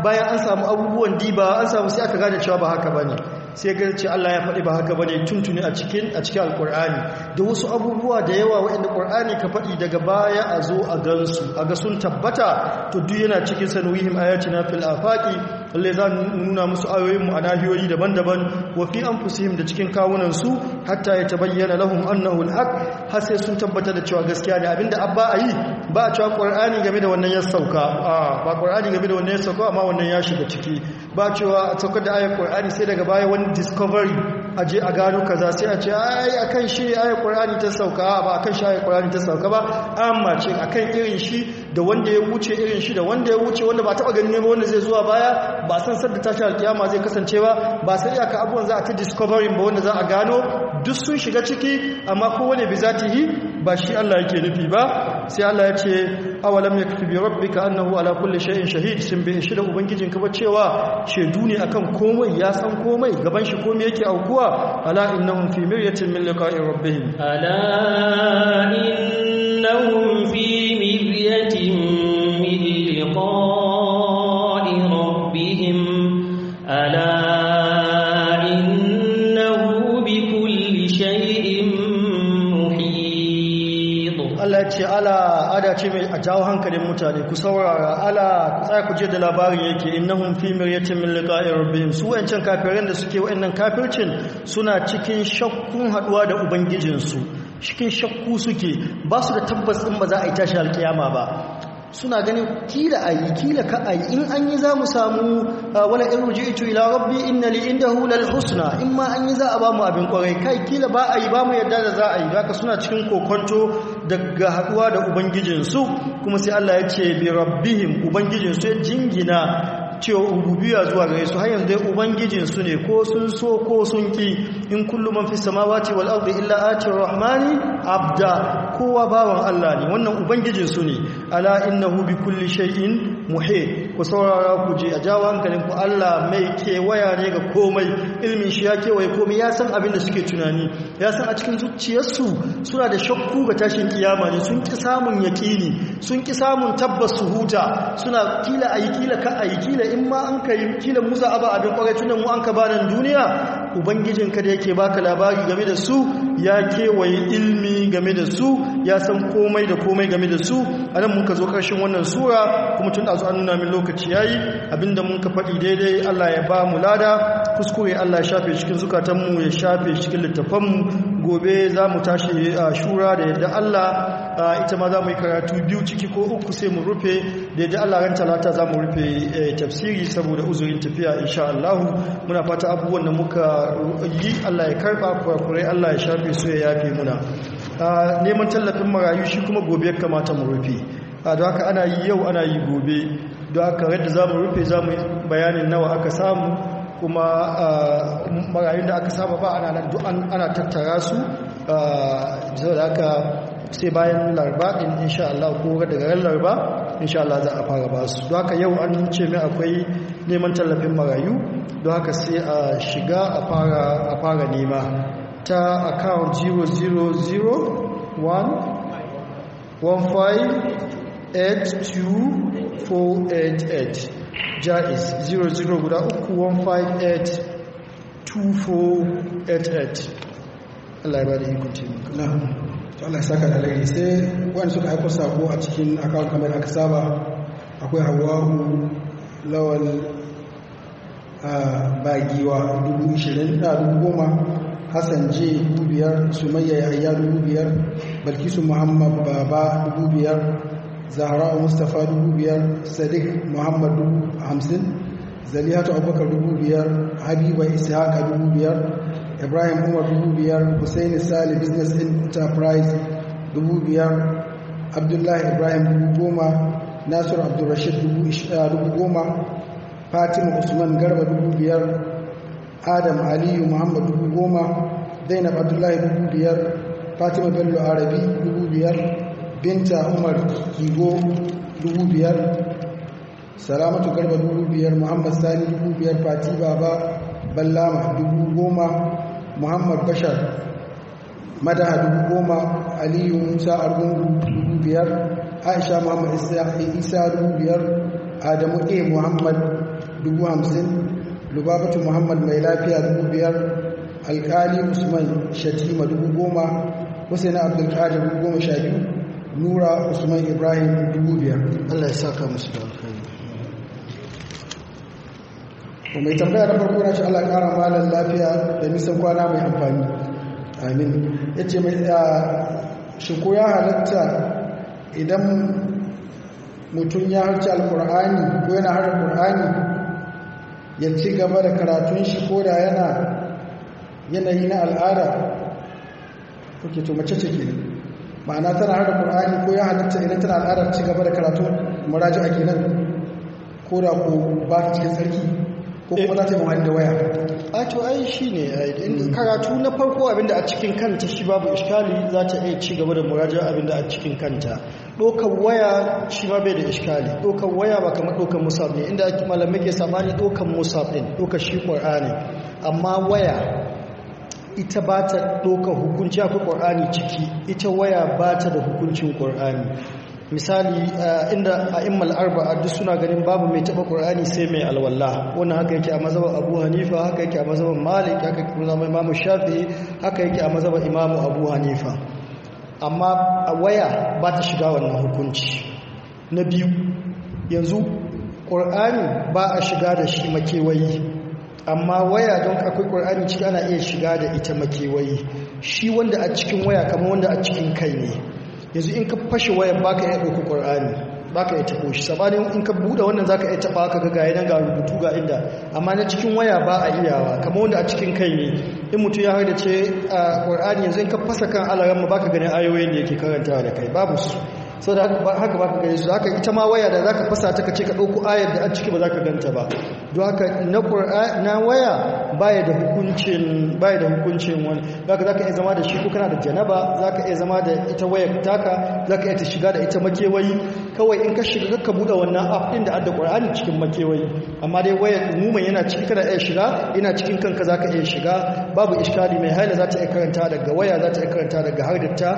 bayan an samu abubuwan diba an samu sai aka gane cewa ba haka bane. sai ka ce Allah ya faɗi ba haka bane tuntuni a cikin a cikin alkur'ani da wasu abubuwa da yawa waɗanda ƙur'ani ka faɗi daga baya a zo a gansu a ga sun tabbata to duk yana cikin sanuwihim na fil afaqi lalle za nuna musu ayoyin mu a nahiyoyi daban-daban wa fi anfusihim da cikin kawunan su hatta ya tabayyana lahum annahu alhaq har sai sun tabbata da cewa gaskiya ne abinda abba ayi ba a cewa ƙur'ani game da wannan ya sauka a ah, ba ƙur'ani game da wannan ya sauka amma wannan ya shiga ciki ba cewa a saukar da ayar ƙwar'ani sai daga baya wani discovery a je a gano kaza sai a ce ai a kan shi ayar ƙwar'ani ta sauka ba a kan shi ayar ƙwar'ani ta sauka ba amma ce a kan irin shi da wanda ya wuce irin shi da wanda ya wuce wanda ba taɓa ganin ba wanda zai zuwa baya ba san sadda tashi alƙiyama zai kasance ba ba sai yaka abubuwan za a ta discovery ba wanda za a gano duk sun shiga ciki amma kowane bizatihi yi. ba shi Allah yake nufi ba sai Allah ya ce awalam yakfi bi rabbika annahu ala kulli shay'in shahid sun bai shi da ka ba cewa shaidu ne akan komai ya san komai gaban shi komai yake aukuwa ala innahum fi miryatin min liqa'i rabbihim ala innahum fi al'ada ce mai a jawo hankalin mutane ku saurara ala ku ku je da labarin yake innahum fi miryatin milika a rabbihim su wancan kafirin da suke wayannan kafircin suna cikin shakkun haduwa da ubangijinsu cikin shakku suke ba su da tabbas in ba za a yi tashi alkiyama ba suna ganin kila a yi kila ka a yi in an yi za mu samu ah, wani in ruji ito ila rabbi inna li inda hulal husna in ma an yi za a ba mu abin kwarai kai kila ba a yi ba mu yadda da za a yi ba ka suna cikin kokonto daga haɗuwa da ubangijinsu kuma sai Allah ya ce bi rabbihim ubangijinsu ya jingina cewa ububiya zuwa gare su har yanzu dai ubangijinsu ne ko sun so ko sun ki in kullu man fi samawati wal ardi illa ati rahmani abda kowa bawan Allah ne wannan ubangijinsu ne ala innahu bi kulli shay'in muhit ku saurara ku je a jawo hankalin ku Allah mai kewaya ne ga komai ilmin shi ya kewaye komai ya san abin da suke tunani ya san a cikin zuciyarsu suna da shakku ga tashin kiyama ne sun ki samun yaƙini sun ki samun tabbas su huta suna kila ayi kila ka ayi kila in ma an kai kila muza aba abin kwarai tunan mu an ka ba nan duniya ubangijin da yake baka labari game da su ya kewaye ilmi game da su ya san komai da komai game da su anan muka zo karshen wannan sura kuma tun da an nuna min lokaci lokaci yi abinda mun ka faɗi daidai Allah ya ba mu lada kuskure Allah ya shafe cikin zukatanmu ya shafe cikin littafanmu gobe za mu tashi a shura da yadda Allah ita ma za mu yi karatu biyu ciki ko uku sai mu rufe da yadda Allah ran talata za mu rufe eh, tafsiri saboda uzurin tafiya insha Allah muna fata abubuwan da muka yi Allah ya karba kurakurai Allah ya shafe su ya yafe muna neman tallafin marayu shi kuma gobe ya kamata mu rufe a da haka ana yi yau ana yi gobe don haka yadda za mu rufe za mu bayanin nawa aka samu kuma marayun da aka saba ba ana nan duk ana tattara su zai da aka sai bayan larba in insha Allah ko daga ran larba insha Allah za a fara ba su don haka yau an ce mai akwai neman tallafin marayu don haka sai a shiga a fara nema ta account 0001 15 488 jais 00 guda 3158 Allah ya ba da ikon taimaka na Allah ya saka da lagari sai wani suka haifar sako a cikin akawun kamar aka saba akwai hawahu lawal bagiwa 2010 hassan j 5,000 sumayya yahya 5,000 balkisu muhammadu baba 5,000 zahra mustapha dubu biyar sadiq muhammad dubu hamsin zalihatu abubakar dubu biyar habiba ishaqa dubu biyar ibrahim umar dubu biyar Hussein sali business enterprise dubu biyar abdullahi ibrahim dubu goma nasir abdulrashid eh, dubu goma fatima usman garba dubu biyar adam aliyu muhammad dubu goma zainab abdullahi dubu biyar fatima bello arabi dubu biyar binta umar kigo 5,000 salamatu garba 5,000 muhammad sani 5,000 fati baba ballama 10,000 muhammad bashar madaha 10,000 aliyu musa argungu 5,000 aisha muhammad isa 5,000 adamu a muhammad 50,000 lubabatu muhammad mai lafiya dubu biyar alkali usman shatima dubu goma abdulkadir biyu. nura usman ibrahim dubu biyar allah ya saka musu da alkhairi mai tambaya na farko na ce allah kara malar lafiya da nisan kwana mai amfani amin ya ce mai shiko ya halatta idan mutum ya harci alkur'ani ko yana harin kur'ani ya ci gaba da karatun shi ko da yana yanayi na al'ada kuke to mace ce ke ma'ana tana hada qur'ani ko ya halatta idan tana al'adar ci gaba da karatu a kenan ko da ko ba ta cikin sarki ko kuma za ta yi mu'amala da waya a to ai shi ne karatu na farko abinda a cikin kanta shi babu iskali za ta iya ci gaba da muraja abinda a cikin kanta ɗaukar waya shi ma bai da iskali ɗaukar waya ba kamar ɗaukar musaf ne inda malamai ke samani ɗaukar musaf ɗin ɗaukar shi ƙwar'ani amma waya ita ba ta ɗaukar hukunci akwai ƙwar'ani ciki ita waya ba ta da hukuncin ƙwar'ani misali eh, inda a immal arba'a duk suna ganin babu mai taɓa ƙwar'ani sai mai alwala wannan haka yake a mazaba abu hanifa haka yake a mazaba malik haka yake a imamu shafi haka yake a mazaba imamu abu hanifa amma a waya ba ta shiga wannan hukunci na biyu yanzu ƙwar'ani ba a shiga da shi makewayi amma waya don akwai ƙwar'ani ciki ana iya shiga da ita makewayi shi wanda a cikin waya kamar wanda a cikin kai ne yanzu in ka fashe wayan ka iya ɗauki ƙwar'ani ka iya taɓo shi sabanin in ka buɗe wannan ka iya taɓa ka ga yanar ga rubutu ga inda amma na cikin waya ba a iyawa kamar wanda a cikin kai ne in mutum ya haɗa ce a ah, ƙwar'ani yanzu in ka fasa kan alaramma ba ka ganin ayoyin da yake karantawa da kai babu su sau da haka ba ka gani su haka ita ma waya da za ka fasa ta kace ka ɗauku ayar da an ciki ba za ka ganta ba don haka na waya baya da hukuncin baya da hukuncin wani za ka iya zama da shi ko kana da janaba za ka iya zama da ita waya taka za ka iya ta shiga da ita makewayi kawai in ka shiga ka buɗe wannan app ɗin da adda ƙwararri cikin makewayi amma dai waya umuman yana ciki kana iya shiga yana cikin kanka za ka iya shiga babu iskali mai haila za ta iya karanta daga waya za ta iya karanta daga hardarta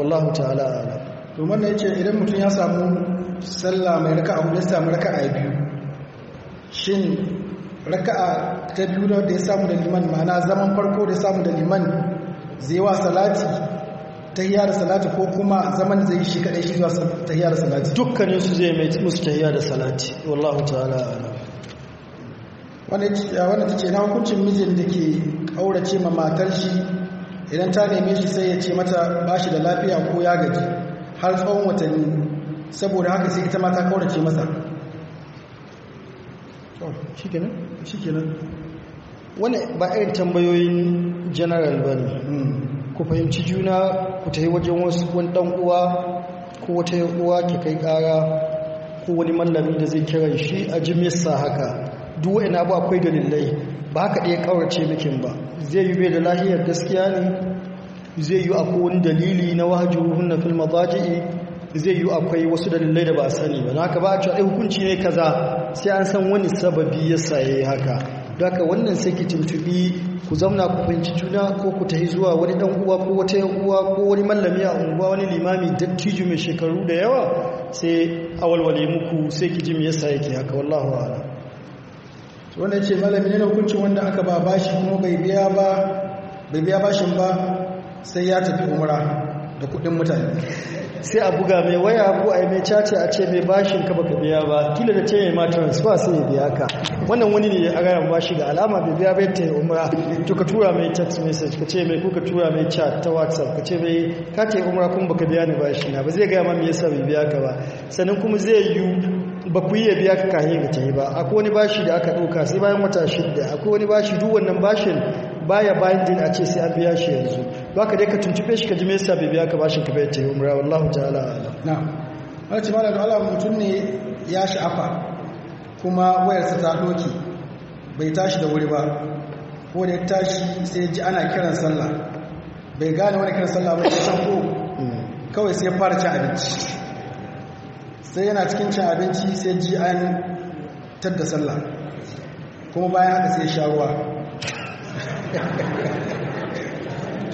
wallahu ta'ala domin na yace idan mutum ya samu sallah mai raka a ya samu raka a biyu shin raka a ta biyu da ya samu da liman ma'ana zaman farko da ya samu da liman zai wa salati tahiyya da salati ko kuma zaman zai shi kadai shi zuwa tahiyya da salati dukkanin su zai mai musu tahiyya da salati wallahu ta'ala wannan ta ce na hukuncin mijin da ke ƙaurace ma matar shi idan ta neme shi sai ya ce mata ba shi da lafiya ko ya gaji har tsawon watanni saboda haka sai ita ma ta kaurace masa shi kenan wani ba irin tambayoyin general ba ne hmm. ku fahimci juna ku ta yi wajen wasu wani dan uwa ko wata uwa ke kai ƙara ko wani mallami da zai kira shi a jimisa haka duk wani ba akwai dalilai ba haka ɗaya ƙaurace mikin ba zai yi bai da lahiyar gaskiya ne zai yi akwai wani dalili na na filma zaji'i zai yi akwai wasu dalilai da ba a sani ba ka ba a cewa hukunci ne kaza sai an san wani sababi ya saye haka daga wannan sai ki tuntubi ku zauna ku fahimci juna ko ku tahi zuwa wani dan uwa ko wata yan uwa ko wani mallami a unguwa wani limami dattijo mai shekaru da yawa sai a walwale muku sai ki ji me yasa yake haka wallahu a'lam to wanda yace malami ne hukuncin wanda aka ba bashi kuma bai biya ba bai biya bashin ba sai ya tafi umara da kudin mutane sai a buga mai waya ko a yi mai caca a ce mai bashin ka baka biya ba kila da ce mai ma transfer sai ya biya ka wannan wani ne a rayan bashi da alama bai biya bai ta yi umara to ka tura mai text message ka ce mai ko ka tura mai chat ta whatsapp ka ce mai ka ta yi kuma baka biya ni bashi na ba zai gaya ma me yasa bai biya ka ba sannan kuma zai yi ba ku ya biya ka kayan da ta yi ba akwai wani bashi da aka ɗauka sai bayan wata shidda akwai wani bashi duk wannan bashin baya bayan din a ce sai an biya shi yanzu ba ka dai ka tuntube shi ka ji mesa bai biya ka bashin ka bai ta yi umra wallahu ta'ala alam na wani ci malar ala mutum ne ya sha'afa kuma wayarsa ta doki bai tashi da wuri ba ko da ya tashi sai ji ana kiran sallah bai gane wani kiran sallah ba ya ko kawai sai fara cin abinci sai yana cikin cin abinci sai ji an tadda sallah kuma bayan haka sai sha ruwa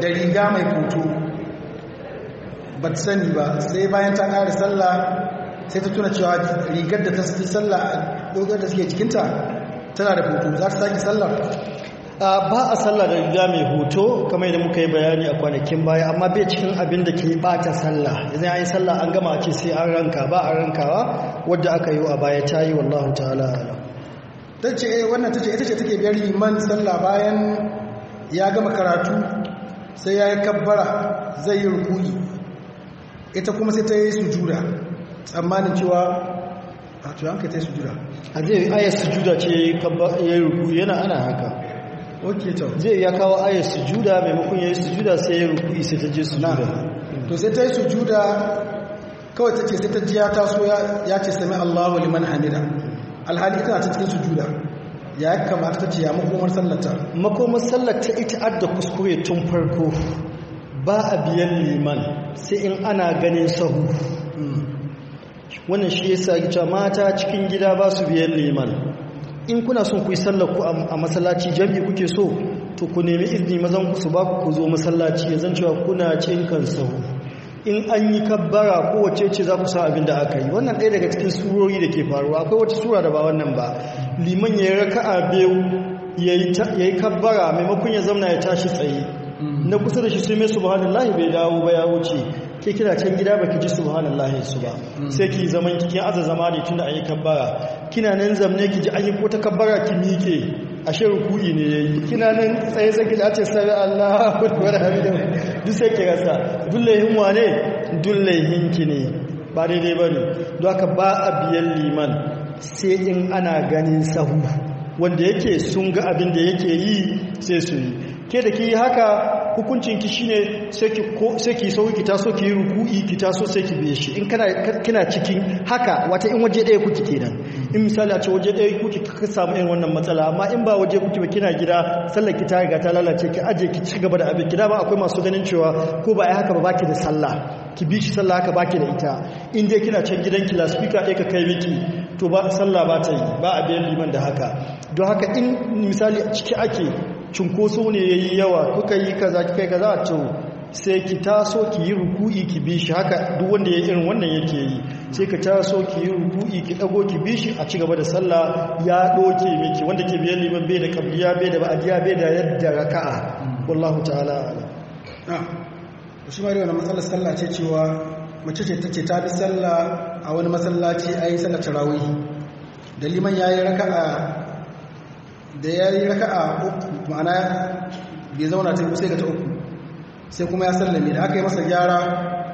da riga mai hoto ba ta sani ba sai bayan ta ƙari sallah sai ta tuna cewa rigar da ta fi sallah a dogar da suke cikinta tana da hoto za ta sake sallah ba a sallah da riga mai hoto kamar da muka yi bayani a kwanakin baya amma bai cikin abin da ke bata sallah idan ya yi sallah an gama a ce sai an ranka ba a rankawa wadda aka yi a baya ta yi wallahu ta'ala ta ce eh, wannan ta ce ita ce take biyar liman sallah bayan ya gama karatu sai ya yi kabbara zai yi rukuni ita kuma sai ta yi sujuda tsammanin cewa a tuyan ka ta yi sujuda a zai aya sujuda ce ya yi rukuni yana ana haka zai ya kawo aya sujuda maimakon ya yi sujuda sai ya rukuni sai ta je sujuda to sai ta yi sujuda kawai ta ce sai ta ji ya taso ya ce sami allahu liman hamida alhali tana cikin sujuda ya kamata ta ce ya makomar sallata makomar sallata ita adda kuskure tun farko ba a biyan liman sai in ana ganin sahu hmm. wannan shi yasa gita mata cikin gida ba su biyan liman in kuna son ku yi sallar ku a masallaci jami'i kuke so to ku nemi izini mazan ku su ba ku zo masallaci ya zan cewa kuna cinkan sahu in an yi kabbara wace ce za ku sa abin da aka yi wannan ɗaya daga cikin surori da ke faruwa akwai wata sura da ba wannan ba liman ya yi raka'a biyu ya yi kabbara maimakon ya zauna ya tashi tsaye na kusa da shi sai mai subhanallahi bai dawo ba ya wuce ke kira can gida baki ji subhanallahi su ba sai ki zaman kikin aza zama ne tunda an yi kabbara kina nan zamne ki ji an ko kabbara ki miƙe shirin kuɗi ne ya yi kina nan tsaye tsaye ki ce sarari Allah wadda hamidu duk sai ki rasa dullahin wane dullahin ki ne ba daidai bane don haka ba a biyan liman sai in ana ganin sahu wanda yake sun ga abin da yake yi sai su yi ke da ki yi haka hukuncin ki shine sai ki ko sai ki sauki ta so ki ruku'i ki ta so sai ki biye shi in kana kina cikin haka wata in waje ɗaya kuke kenan in misali a ce waje ɗaya kuke ka samu irin wannan matsala amma in ba waje kuke ba kina gida sallar ki ta riga ta lalace ki aje ki ci gaba da abin ki da ba akwai masu ganin cewa ko ba ai haka ba baki da sallah ki bi shi sallah haka baki da ita in dai kina can ki la speaker ɗaya ka kai miki to ba sallah ba ta yi ba abin liman da haka don haka in misali ciki ake cunkoso ne ya yi yawa kuka yi kaza kika yi kaza to sai ki taso ki yi ruku'i ki bi shi haka duk wanda ya irin wannan yake yi sai ka taso ki yi ruku'i ki dago ki bi shi a cigaba da sallah ya doke miki wanda ke biyan liman bai da kabliya bai da ba'adiya bai da yadda raka'a wallahu ta'ala a shi ma wannan matsalar sallah ce cewa mace ce ce ta bi sallah a wani masallaci yi sallar tarawih da liman yi raka'a da ya yi raka'a uku ma'ana bai zauna ta sai ga ta uku sai kuma ya sallame da aka yi masa gyara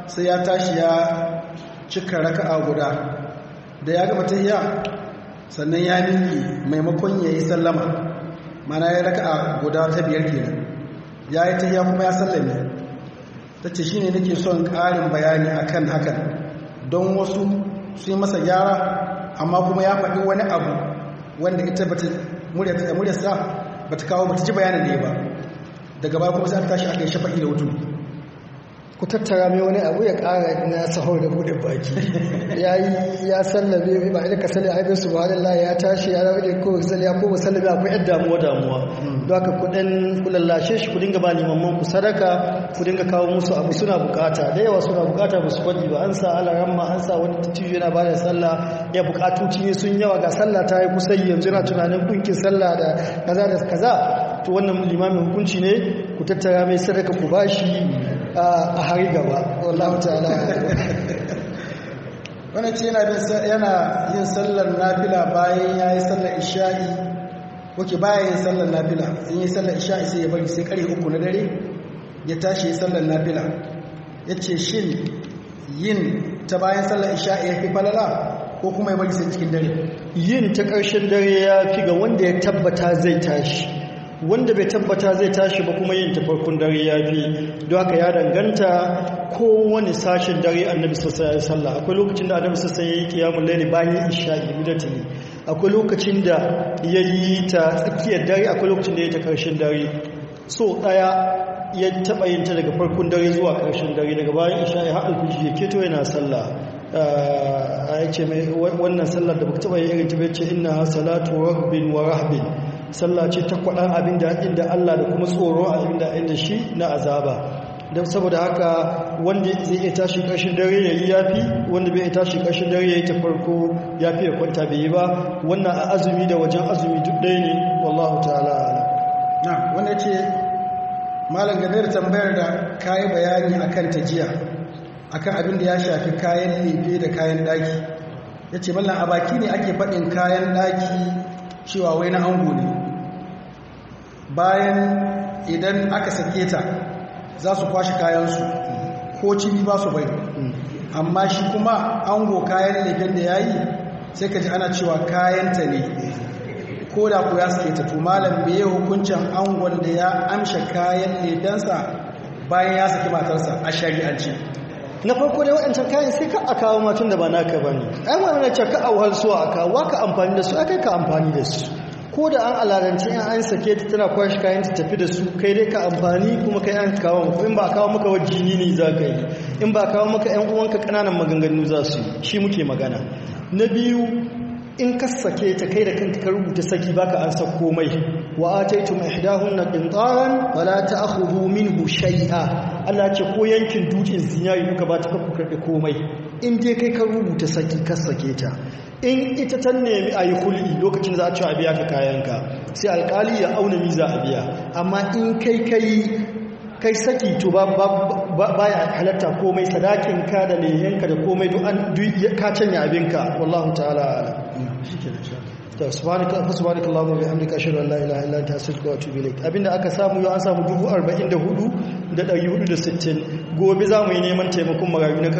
sai ya tashi ya cika raka'a guda da ya gama iya, sannan ya miƙe maimakon ya yi sallama mana ya raka'a guda ta biyar kenan ya yi iya kuma ya sallame ta ce shi ne nake son ƙarin bayani akan hakan don wasu sun masa gyara amma kuma ya faɗi wani abu wanda ita muryarsa ba ta kawo ba ta ji bayanin da ya ba daga baya kuma sai ta tashi aka yi shafa'i da wutu ku tattara mai wani abu ya kara na sahur da bude baki ya yi ya sallame ba idan ka sallame ai ba Allah ya tashi ya rabu da ko sallame ya ko sallame akwai yadda damuwa damuwa hmm. don haka ku kulallashe shi ku dinga ba limamman ku sadaka ku dinga kawo musu abu suna bukata da yawa suna bukata ba su kwaji ba an sa alaramma an sa wani tijo yana ba da sallah ya bukatoci ne sun yawa ga sallah ta yi kusa yanzu yana tunanin kunkin sallah da kaza da kaza to wannan limamin hukunci ne ku tattara mai sadaka ku bashi a hari gaba wallahu ta'ala wani ce yana yin sallar nafila bayan ya yi sallar isha'i wake bayan yin sallar nafila in yi sallar isha'i sai ya bari sai kare uku na dare ya tashi yi sallar nafila ya ce shin yin ta bayan sallar isha'i ya fi falala ko kuma ya bari sai cikin dare yin ta ƙarshen dare ya fi ga wanda ya tabbata zai tashi wanda bai tabbata zai tashi ba kuma yin tafarkun dare ya fi don haka ya danganta ko wani sashen dare annabi sassa ya sallah akwai lokacin da annabi sassa ya yi kiyamun laili bayan isha'i bidatini akwai lokacin da ya yi ta tsakiyar dare akwai lokacin da ya yi ta karshen dare so ɗaya ya taɓa yin ta daga farkon dare zuwa karshen dare daga bayan ya haɗa kuji ya keto yana sallah ah, a ce mai wannan sallar da baka taɓa yin irin ta bai ce ina salatu wa rahbin sallah ce ta kwaɗan abin da inda Allah da kuma tsoro a inda inda shi na azaba don saboda haka wanda zai iya tashi ƙarshen dare ya yi yafi wanda bai tashi ƙarshen dare ya yi ta farko ya fi ya kwanta bai yi ba wannan a azumi da wajen azumi duk ɗaya ne wallahu ta'ala ala na wanda ce malam game da tambayar da kayi bayani akan tajiya akan abin da ya shafi kayan lefe da kayan daki ya ce mallan a baki ne ake faɗin kayan daki cewa wai na ango ne bayan idan aka sake ta za su kwashe kayansu ko cibi ba su bai amma shi kuma ango kayan lefen da ya yi sai ka ji ana cewa kayanta ne ko da ku ya suke ta malam me yi hukuncin an da ya amsha kayan ledansa bayan ya saki matarsa a shari'ance na farko dai waɗancan kayan sai ka a kawo matun da ba naka ba ne ai wani na ka a wahalsuwa a kawo ka amfani da su aka ka amfani da su ko da an alarance in an sake ta tana kwashi kayan ta tafi da su kai dai ka amfani kuma kai an kawo in ba kawo maka wajini ne za ka yi in ba kawo maka yan uwanka kananan maganganu za su shi muke magana na biyu in ka sake ta kai da kanka ka rubuta saki baka an sa komai wa ataytum na qintaran fala ta'khudhu minhu shay'a Allah ce ko yankin dutsen zinari kuka ba ta kuka karbe komai in dai kai ka rubuta saki ka sake ta in ita ta nemi a yi kul'i lokacin za a ci a biya ka kayanka sai alkali ya auna miza a biya amma in kai kai kai saki to ba ya halatta komai sadakinka da lehenka da komai duk ka canya abinka wallahu ta'ala ala da subhanaka subhanaka bihamdika ashhadu an la ilaha illa anta astaghfiruka wa atubu ilaik abinda aka samu yau an samu 44,460 gobe za mu yi neman taimakon marayu na